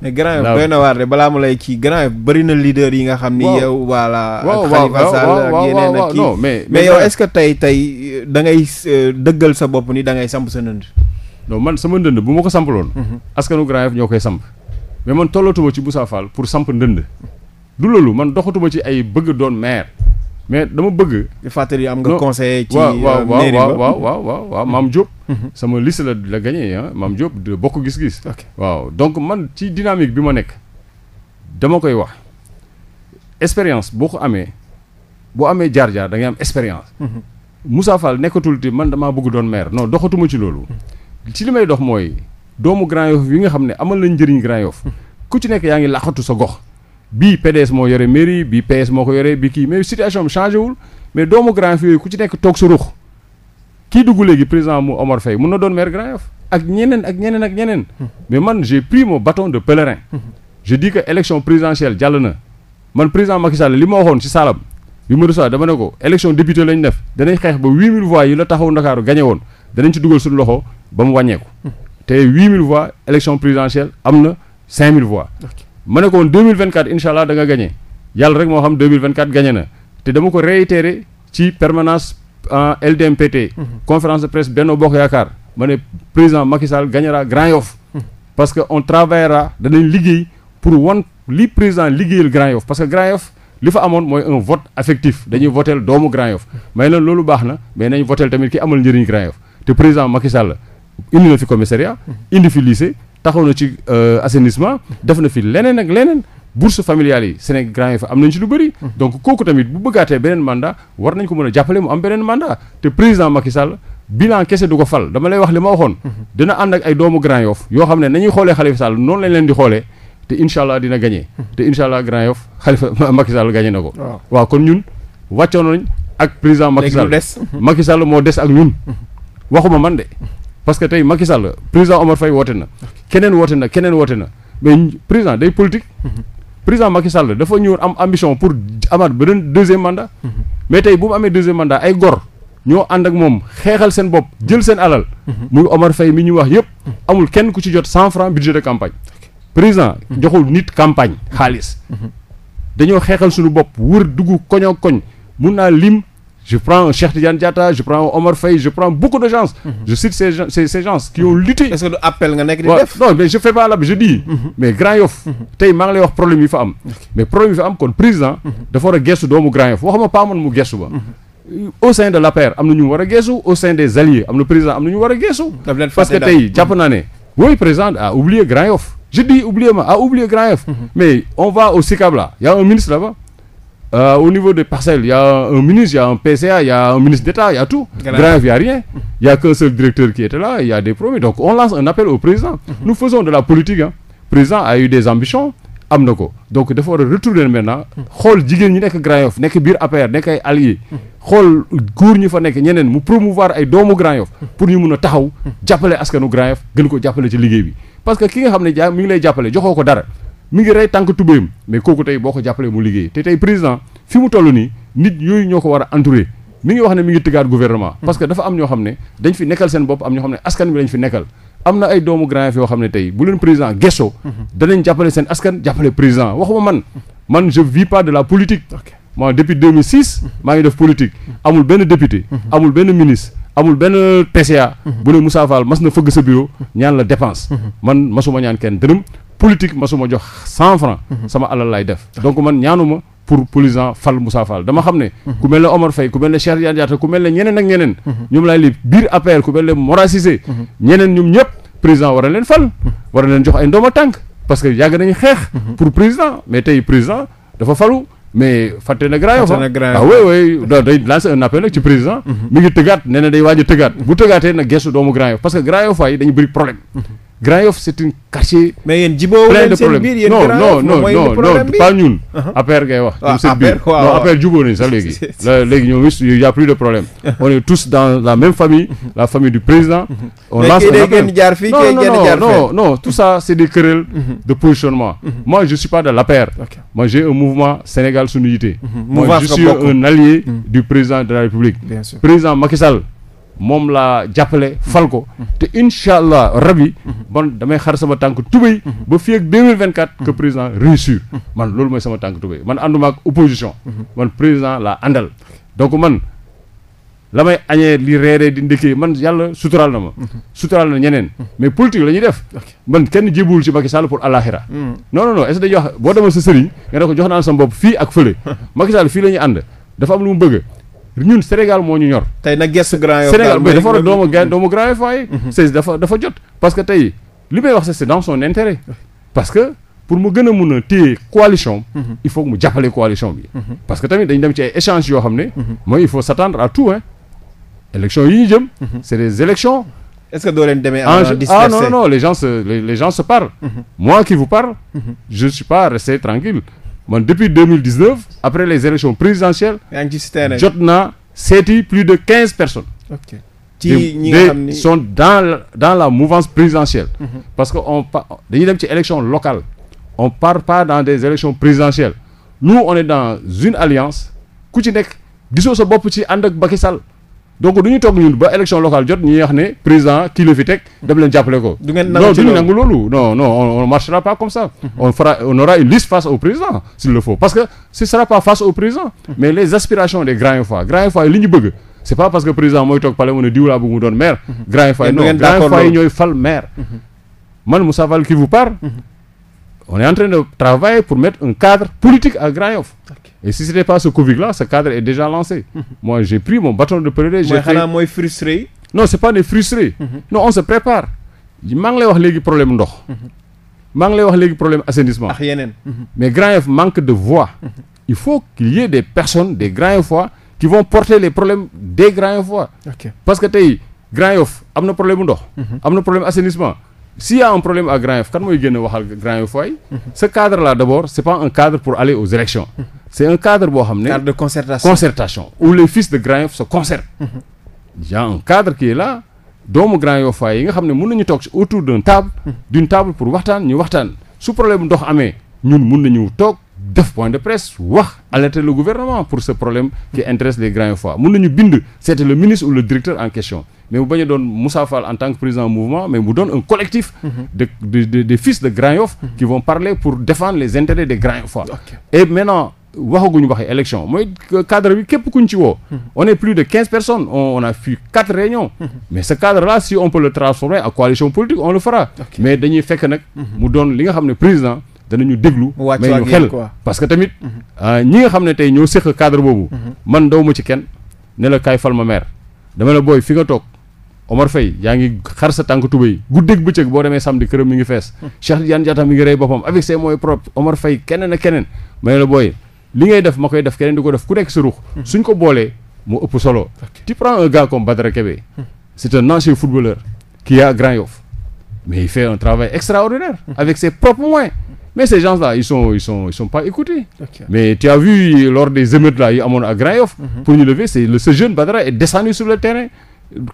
Speaker 1: mais Grand Yoff doy waar balaa mu lay kii Grand Yoff bëri na leader yi nga xam ni. yow voilà ak Khalifa ak yeneen ak kii mais yow est-ce que tey tey
Speaker 2: dangay ngay euh, dëggal sa bopp ni da ngay samp sa ndënd. non man sama ndënd bu ma ko sampaloon. Mhm. askanu Grand Yoff ñoo koy samp. mais man tollatuma ci Moussa Fall pour samp ndënd. du loolu man doxatuma ci ay bëgg doon maire. mais dama bëgg. fàttali am nga conseil. ci euh, mairie ba waaw waaw waaw maam mhm. Diop. Mhm. sama liste la la gagné maam Diop de bokk gis-gis. waaw donc man ci dynamique bi ma nekk dama koy wax expérience boo ko amee boo amee jaar-jaar da am expérience. Mhm. Moussa Fall nekkatul te man damaa bëgg doon maire no doxatuma ci loolu. ci li may dox mooy doomu Grand Yoff yi nga xam ne amal nañ njëriñ Grand Yoff ku ci nekk yaa ngi laqatu sa gox. bii PDS moo yore mairie bii PS moo ko yore bi kii mais situation bi changé wul mais doomu Grand Yoff yooyu ku ci nekk toog sa ruux kii dugg léegi président mu Omar Faye mun na doon maire Grand Yoff ak ñeneen ak ñeneen ak ñeneen. mais man j'ai pris mon bâton de pèlerin. je di que élection présidentielle jàll na man président Macky Sall li ma waxoon ci saalam bi ma reçoit dama ne ko élection député lañ def danañ xeex ba 8000 voix yi la taxaw Ndakaaru gagné woon danañ ci dugal suñu loxo ba mu wàññeeku. Hmm. te 8000 voix élection présidentielle am na 5000 voix. Okay. ma ne ko woon 2024 incha allah da nga gagné yàlla rek moo xam 2024 gagné na te dama ko réitéré ci permanence en euh, LDMPT. Mhm. conférence de presse Benno Bokk Yaakaar ma ne président Macky Sall gagnera Grand Yoff mhm. parce que on travaillera danañ liggéey pour wan li président liggéeyal Grand Yoff parce que Grand Yoff li fa amoon mooy un vote affectif dañuy votel doomu Grand Yoff may leen loolu baax na mais nañ votel tamit ki amal njëriñ Grand Yoff te président Macky Sall indi commissariat mhm. indi taxaw na ci euh, assainissement def na fi leneen ak leneen bourse familiale yi Sénégal grand yi am nañ ci lu bëri. donc kooku tamit bu bëggaatee beneen mandat war nañ ko mën a jàppale mu am beneen mandat te président Macky Sall bilan kese du ko fal dama lay wax li ma waxoon. dina ànd ak ay doomu Grand Yoff yoo xam ne nañuy xoolee Khalifa Sall noonu lañ leen di xoolee te incha allah dina gagné. te incha allah Grand Yoff Khalifa Macky Sall gagné na ko. waa kon ñun wàccoon nañ ak président Macky Sall Macky Sall moo des ak ñun waxuma man de. parce que tey Macky Sall président Omar Faye woote na keneen woote na keneen woote na mais président day politique président Macky Sall dafa ñëwoon am ambition pour amaat beneen deuxième mandat mais tey bu mu amee deuxième mandat ay gor ñoo ànd ak moom xeexal seen bopp jël seen alal muy Omar Faye mi ñu wax yëpp amul kenn ku ci jot cent franc budget de campagne président joxul nit campagne xaalis dañoo xeexal suñu bopp wër dugg koñoo koñ mun naa lim Je prends Cheikh Tidiane Diatta, je prends Omar Faye, je prends beaucoup de gens. Mhm. Je cite ces gens, qui ont lutté. je fais pas la je dis. Mhm. mais Grand Yoff. Mhm. tey maa ngi lay wax problème yi fa am. mais problème yi fa am kon président. dafa war a gestu doomu Grand Yoff waxuma pas man mu gestu ba. au sein de l'APR am na ñu war a au sein des alliés am na président am na ñu war a parce que tey jàpp naa ne. président a oublié Grand Yoff. je dis oublié ma a oublié Grand Euh, au niveau des parcelles, il y a un ministre, il y a un PCA, il y a un ministre d'État, il a tout. Grave, il n'y rien. Il n'y directeur qui était là, il y a Donc on lance un au président. Mhm. Nous faisons de la politique. Hein. Le président a des ambitions. am na ko donc dafa war a retourner maintenant xool jigéen ñi nekk Grand Yoff nekk biir APR nekk ay alliés xool góor ñi fa nekk ñeneen mu promouvoir ay doomu Grand Yoff pour ñu mun a taxaw jàppale askanu Grand Yoff gën ko jàppale ci liggéey bi parce que ki nga xam ne jaa mi ngi lay jàppale joxoo ko dara mi ngi rey tànk tubéyam mais kooku tey boo ko jàppalee mu liggéey te tey président fi mu toll nii nit ñooyu ñoo ko war a entourer mi ngi wax ne mi ngi tëggaat gouvernement. Hmm. parce que dafa am ñoo xam ne dañ fi nekkal seen bopp am ñoo xam ne askan bi lañ fi nekkal. am na ay doomu grand yoo xam ne tey bu leen président gesso hmm. danañ jàppale seen askan jàppale président waxuma man hmm. man je vis pas de la politique. moi depuis 2006. maa ngi def politique. amul benn député. amul benn ministre. amul benn PCA. bu ne Moussa Fall mas na fëgg sa bureau. ñaan la dépense. man masuma ñaan kenn ma masuma jox cent franc mhm. sama alal laay def donc man ñaanuma pour polisan fal Moussa Fall dama xam ne mhm. ku mel ne Omar Faye ku mel ne Cheikh Yane Diatta ku mel ne ñeneen ak ñeneen mhm. ñoom laay li biir APR ku mel ne Mora ñeneen ñoom ñëpp président war a leen fal war a leen jox ay ndooma tànk parce que yàgg nañu xeex pour président mais tey président dafa falu mais fàtte na Grand Yoff ah. ah oui oui da day lancer un appel nag ci président mi parce que Grand Yoff c' est une quartier. mais yéen jubóowu leen seen biir problème bi non non non non pas ñun. Ah, ah. affaire ngay wax. waaw ah, seen biir non affaire jubóo nañu sax léegi. il y a plus de problème. on est tous dans la même famille. la famille du président. on fii non non tout ça c' des querelles. Mhm. de positionnement. Mhm. moi je suis pas de l'APR. moi j'ai un mouvement Sénégal Sunu Yite. Mhm. moi je suis un allié du président de la République. président Macky moom laa jàppale fal ko te incha allah rabi bon damay xar sama tànk tubéy ba fii ak deux vingt quatre que président réussir man loolu mooy sama tànk tubéy man ànduma ak opposition man président laa àndal donc man la may añee li reeree di ndékkee man yàlla suturaal na ma suturaal na ñeneen mais politique la def man kenn jébuwul ci Macky Sall pour alaxira hmm. non non non est ce que dañuy wax boo demal sa sëriñ nga ne ko jox naa sama bopp fii ak fële Macky Sall fii la ñuy ànd dafa am lu mu bëgg ñun Sénégal moo ñu ñor. tey nag gëstu grand yow. Sénégal mooy dafa war a doomu gan doomu grand yow yi. c'est dafa jot parce que tey li may wax c'est dans son intérêt. parce que pour mu gën a mun a téye coalition. Mhm. il faut que mu jàppale coalition bi. Mhm. parce que tamit dañu dem ci ay échanges yoo xam ne. Mhm. mooy il faut s'attendre à tout hein. élections yi ñu jëm. c'est des élections.
Speaker 1: est-ce que demee en dispersé ah
Speaker 2: non les gens se les, les gens se parlent. Mm -hmm. moi qui vous parle. Mm -hmm. suis pas resté tranquille man depuis deux mille dix neuf après les élections présidentielles. yaa ngi ci terrain jot naa seeti plus de quinze personnes.
Speaker 3: ci ñi nga xam ni sont
Speaker 2: dans la dans la mouvance présidentielle. Mhm. parce que on pa dañuy dem ci élection locale. on part pas dans des élections présidentielles nous on est dans une alliance ku ci nekk gisoo sa bopp ci ànd ak Macky Sall donc du ñu toog ñun ba élection locale jot ñuy wax président kii fi teg dem leen ko. du ñu nangu loolu non non on, marchera pas comme ça. Mhm. on fera une liste face au président s'il le faut parce que ce sera pas face au président. Mhm. mais les aspirations des Grand Yoff Grand Yoff li ñu bëgg. c' pas parce que président mooy toog palais mu ne diw laa mu doon maire. Mhm. Grand Yoff non Grand Yoff ñooy fal maire. man Moussa Fall qui vous parle. on est en train de travailler pour mettre un cadre politique à Grand Yoff. Okay. et si ce pas ce Covid-là ce cadre est déjà lancé. j'ai pris mon bâton de pèlerin. j'ai mooy frustré yi. non c'est pas des frustrés. Mhm. non on se prépare. maa ngi lay wax léegi problème ndox. Mhm. maa ngi lay wax léegi problème assainissement. ak yeneen. Mhm. mais Grand Yoff manque de voix. il faut qu'il y ait des personnes des Grand Yoffois qui vont porter les problèmes des Grand Yoffois. Okay. parce que tey Grand Yoff am na problème ndox. am na problème assainissement. s'il y a un problème à Grand Yoff kan mooy génn waxal Grand Yoff waay ce cadre là d' abord pas un cadre pour aller aux élections c' est cadre boo xam ne cadre de concertation concertation où les fils de Grand Yoff se concertent y a cadre qui est doomu Grand Yoff yi nga xam ne mun nañu toog autour d' un table d' une table pour ñu waxtaan su problème ndox amee ñun mun nañu toog def point de presse wax alerter le gouvernement pour ce problème qui intéresse les Grand Yoffois mun nañu bind c'était le ministre ou le directeur en question mais mu bañ doon Moussa Fall en tant que président mouvement mais mu doon un collectif de de de des fils de Grand Yoff qui vont parler pour défendre les intérêts des Grand Yoffois et maintenant waxaguñu waxi élection mooy cadre bi képp kuñ ci woo on est plus de quinze personnes on a fait quatre réunions mais ce cadre là si on peut le en coalition politique on le fera mais dañuy fekk nag mu doon li nga xam ne président danañu déglu mais ñu xel parce que tamit mhm. ah, ñi nga xam ne tey ñoo séq cadre boobu mhm. man daw ma ci kenn ne la kaay fal fi nga toog Omar Faye yaa ngi xar sa tànk tubéy guddeeg bëccëg boo demee samedi këram mi ngi fees Cheikh Tidiane Diatta mi ngi rey boppam avec ses moyens propres Omar Faye keneen ak keneen may la booy li ngay def ma koy def keneen di ko def ku nekk sa ruux hmm. suñ ko boolee moo ëpp solo tu prends un gars comme Badara Kébé hmm. c'est un ancien footballeur qui est Grand Yoff mais il fait un travail extraordinaire hmm. avec ses propres moyens mais ces gens-là ils sont ils sont pas écoutés okay.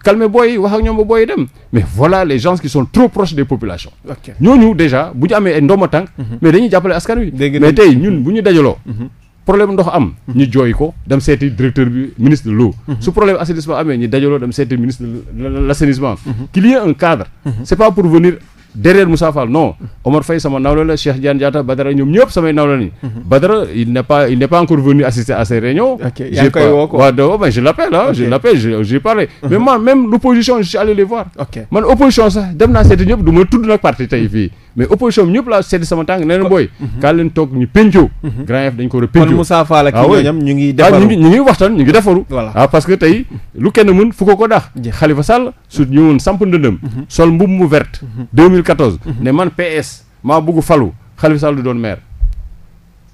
Speaker 2: calmer booy wax ak ñoom ba booy dem mais voilà les gens qui sont trop proches des populations. ñooñu déjà bu ñu amee ay ndomba tànk. Mhm. mais dañuy jàppale askan wi. mais tey ñun bu ñu dajaloo. Mhm. problème ndox am. Mhm. ñu jooy ko dem seeti directeur bi ministre de l'eau su problème assainissement amee ñu dajaloo dem seeti ministre de l'assainissement. qu'il y ait un cadre. c'est pas pour venir. derrière Moussa Fall non Omar fay sama nawle la Cheikh Diane Diatta Badara ñoom ñëpp samay nawle lañu. Mhm. Badara il n'est pas il n'est pas encore venu assister à ces réunions. ok yaa ngi koy woo quoi waaw mais je l'appelle je l'appelle je j'ai parlé. Mhm. mais moi l'opposition je suis allé les voir. man opposition sax dem na seeti ñëpp du ma tudd nag parti tey fii. mais opposition bi ñëpp laa seeti sama tànk nee na booy mhm. kaa leen toog ñu péncoo mhm. Grand Yoff dañ ko war a péncoo kon Moussa Fall ak ah ñu ngi ah, defaru ñu ngi waxtaan ñu ngi defaru waaw ah, parce que tey lu kenn mën fu ko ko dax Khalifa Sall su ñu woon samp ndëndëm mhm. sol mbubb mu verte 2014 ne man PS maa bëgg falu Khalifa Sall du doon meer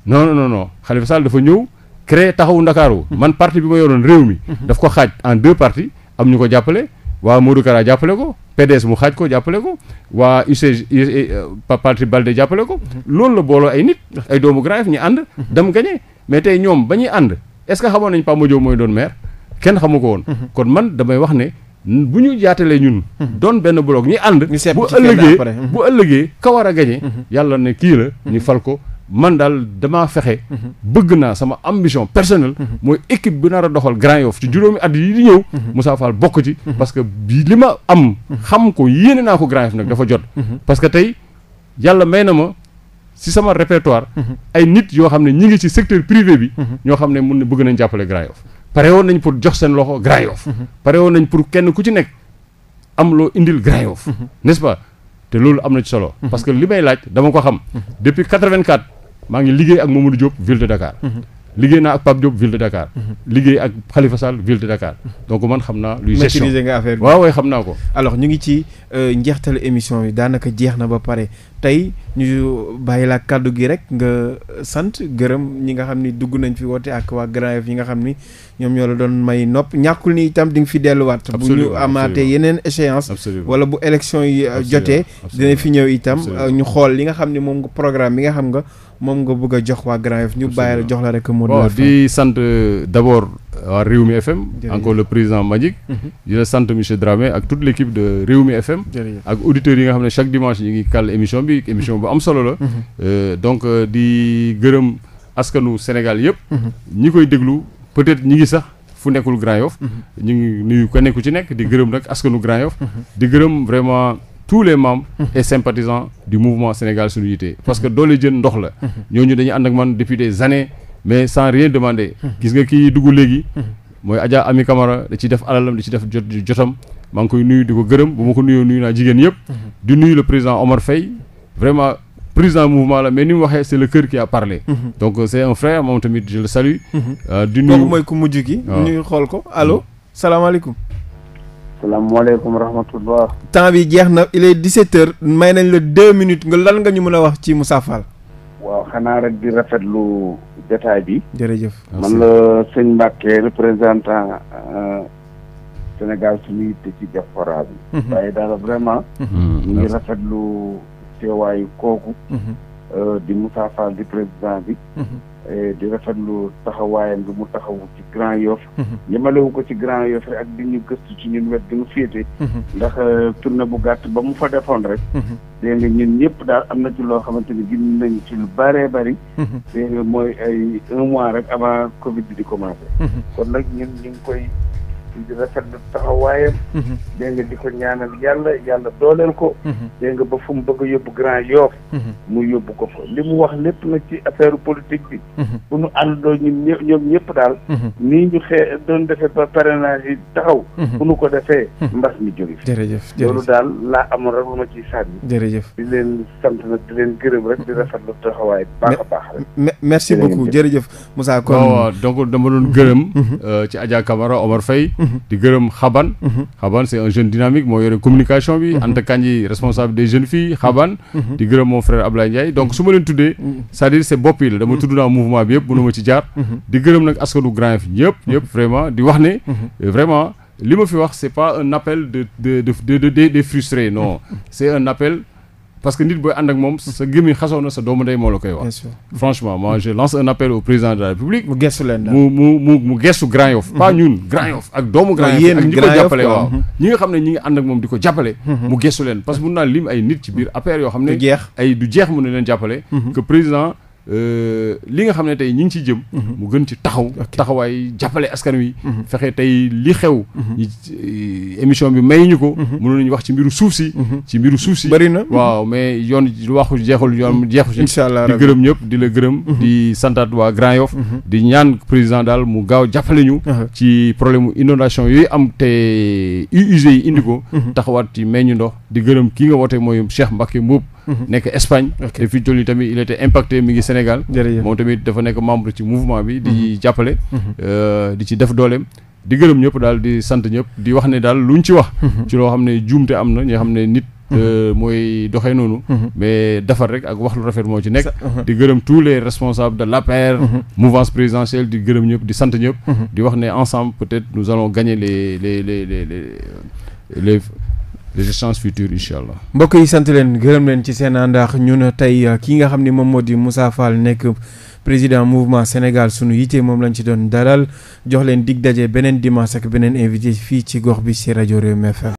Speaker 2: non non non Khalifa Sall dafa ñëw créé taxawu Ndakaaru man parti bi ma yoroon réew mi daf ko xaaj en deux parties am ñu ko jàppale waa Modou Kara jàppale ko PDS mu xaaj ko jàppale ko waa UCG Patrick Balde jàppale ko. loolu la booloo ay nit. ay doomu Grand Yoff ñu ànd. dem gañe mais tey ñoom ba ñuy ànd est-ce que xamoon nañ Pape Madiop mooy doon maire kenn xamu ko woon. Mhm. kon man damay wax ne. bu ñu jaatalee ñun. Mhm. doon benn bloc ñi ànd. bu ëllëgee mhm. bu ëllëgee ka war a gañe yàlla ne kii la ñu fal ko. man daal damaa fexe. bëgg naa sama ambition personnelle. mooy équipe bi nar a doxal Grand Yoff ci juróomi at yi di mu saa Fall bokk ci. parce que bi li ma am. xam ko yéene naa ko Grand Yoff nag dafa jot. parce que tey yàlla may na ma. si sama répertoire ay nit yoo xam ne ñi ngi ci secteur privé bi ñoo xam ne mun na bëgg nañ jàppale Grand Yoff pare woon nañ pour jox seen loxo Grand Yoff pare woon nañ pour kenn ku ci nekk am loo indil Grand Yoff n'est-ce te loolu am na ci solo parce que li may laaj dama ko xam depuis 84 maa ngi liggéey ak Mamadou Diop ville de Dakar. Mhm. liggéey naa ville de Dakar. Mhm. liggéey ak Khalifa Sall ville de Dakar. Mhm. donc man xam naa luy gestion waaw waaye xam naa ko.
Speaker 1: alors ñu ngi ci euh, njeextalu émission bi daanaka jeex na ba pare tey ñu bàyyi laa kàddu gi rek nga sant gërëm ñi nga xam ni dugg nañ fi woote ak waa Grand Yoff yi nga xam ni ñoom ñoo la doon may nopp ñàkkul ni itam di nga fi delluwaat. bu ñu amaatee yeneen échéance. wala bu élection yi euh, jotee. dina fi ñëw itam euh, ñu xool li nga xam ni moom programme bi nga xam nga. moom nga bëgg a jox waa Grand Yoff ñu bàyyi jox la rek moo di
Speaker 2: sant euh, d' abord euh, waa mi FM encore le président Magic mhm. di la sant monsieur Dramé ak toute l' équipe de Rewmi FM ak auditeurs yi nga xam ne chaque dimanche ñu ngi kàll émission bi émission bu am solo la mhm. euh, donc di gërëm askanu Sénégal yëpp mhm. ñi koy déglu peut-être ñi ngi sax fu nekkul Grand Yoff ñu ngi nuyu ko nekku ci nekk di gërëm nag askanu Grand Yoff di gërëm vraiment tout les membres et sympathisants du mouvement Sénégal Suñu Yitté parce que doole jën ndox la ñoo ñooñu dañu ànd ak man depuis des années mais sans rien demander gis nga kii dugg léegi mooy ajaa Ami Camara da ci def alalam da ci def jot jotam maa ngi koy nuyu di ko gërëm bu ma ko nuyoo nuyu naa jigéen yëpp di nuyu le président Omar Faye vraiment président mouvement la mais ni mu waxee c' est le cœur qui a parlé. donc c' est un frère moom tamit je le salue. Mhm. Euh, di nuyu mooy ku mujj gi. xool ko allo
Speaker 1: salaamaaleykum.
Speaker 6: salaamaaleykum rahmatullah
Speaker 1: temps bi jeex na il est 17h may nañ la deux minutes nga lan nga ñu mën a wax ci Moussa Fall.
Speaker 6: waaw xanaa rek di rafetlu jotaay bi. jërëjëf man la sëñ Mbacke représentant euh, Sénégal suñu yitte ci diaspora bi. Mhm. waaye daal vraiment.
Speaker 1: Mhm. Mhm. ñu ngi
Speaker 6: rafetlu teewaayu kooku. Euh, di Moussa Fall di président bi. Eh, di rafetlu taxawaayam bi mu taxawu ci Grand Yoff mhm. yemalewu ko ci Grand Yoff rek ak di ñu gëstu ci ñun wet gi nu féete mhm. ndax eh, tournée bu gàtt ba mu fa defoon rek mhm. dégg nga ñun ñëpp daal am na ci loo xamante ni gis nañ ci lu bëree bëri dégg mooy ay un mois rek avant Covid bi di commencé kon nag ñun ñu ngi koy di rafetlu taxawaayam. Mhm. dégg nga di ko ñaanal yàlla yàlla dooleel ko. Mhm. dégg ba fu mu bëgg a yóbbu mhm. mu yóbbu ko li mu wax lépp ci affaire politique bi. bu nu àndandoo ñun ñëpp ñoom ñëpp daal. nii ñu xee doon defee ba parrainage yi ko defee mbas mi jóge fi. jërëjëf jërëjëf loolu daal laa amoon rek lu ma ciy sànni. jërëjëf di leen sant nag di leen gërëm rek di rafetlu baax a baax rek. merci beaucoup
Speaker 1: jërëjëf Moussa Kon.
Speaker 2: donc dama doon gërëm. Euh, ci Adja Omar Faye di gërëm xaban mhm. xaban c' est un jeune dynamique moo yore communication bi mhm. Anta Kandji responsable des jeunes fii xaban mhm. di gërëm mon frère Ablaye Ndiaye donc su ma leen tuddee sa à dire c' est la dama tudd naa mouvement bi yëpp mënu ma ci jaar di gërëm nag askanu Grand Yoff ñëpp ñëpp vraiment di wax ne euh, vraiment li ma fi wax c' est pas un appel de de de de des frustrés non c' un appel parce que nit booy ànd ak moom sa gémmiñ xasoo sa doomu ndey moo la koy franchement moi je lance un appel au président de la république mu gestu leen mu mu mu Grand Yoff pas nga xam ne ñi ngi ànd moom di ko jàppale mhm. mu gestu leen parce que mun naa lim ay nit ci biir mhm. affaire yoo xam ne ay du jeex mu ne leen jàppale mhm. que président Euh, li nga xam ne tey ñi ngi ci jëm. Mhm. mu gën ci taxaw. taxawaay jàppale askan wi. Mhm. fexe tey li xew. Mhm. Eh, émission bi may ñu ko. mënoon nañu wax ci mbiru suuf si. ci mbiru suuf si bari na. waaw mais yoon waxu jeexul yoon jeexu si. incha allah di gërëm ñëpp di la gërëm. di santaat waa Grand Yoff. di ñaan président daal mu gaaw jàppale ñu. Uh-huh. ci problème mu inondation yooyu am te usé yi indi ko. taxawaat ci ñu ndox di gërëm ki nga woote mooy Cheikh Mbacke Mboup. nekk Espagne. te fi joli tamit il était impacté mi ngi Sénégal. moom tamit dafa nekk membre ci mouvement bi. di mhm. jàppale. Mhm. Euh, di ci def dooleem. di gërëm ñëpp daal di sant ñëpp di wax ne daal lu luñ ci wax. Mhm. ci loo xam ne juumte am na ñi xam ne nit. Euh, mooy doxee noonu. mais defar rek ak wax lu rafet moo ci nekk. di gërëm tous les responsables de la l'APR. mouvance présidentielle di gërëm ñëpp di sant ñëpp. di wax ne ensemble peut-être nous allons gagner les les les les les. des échanges futurs allah.
Speaker 1: mbokk yi sant leen gërëm leen ci seen àndaax ñun tey euh, ki nga xam ni moom moo di Moussa Fall nekk président mouvement Sénégal sunu yitte moom lañ ci doon dalal jox leen dig daje beneen dimanche ak beneen invité fii ci gox bi ci rajo Rewmi FM.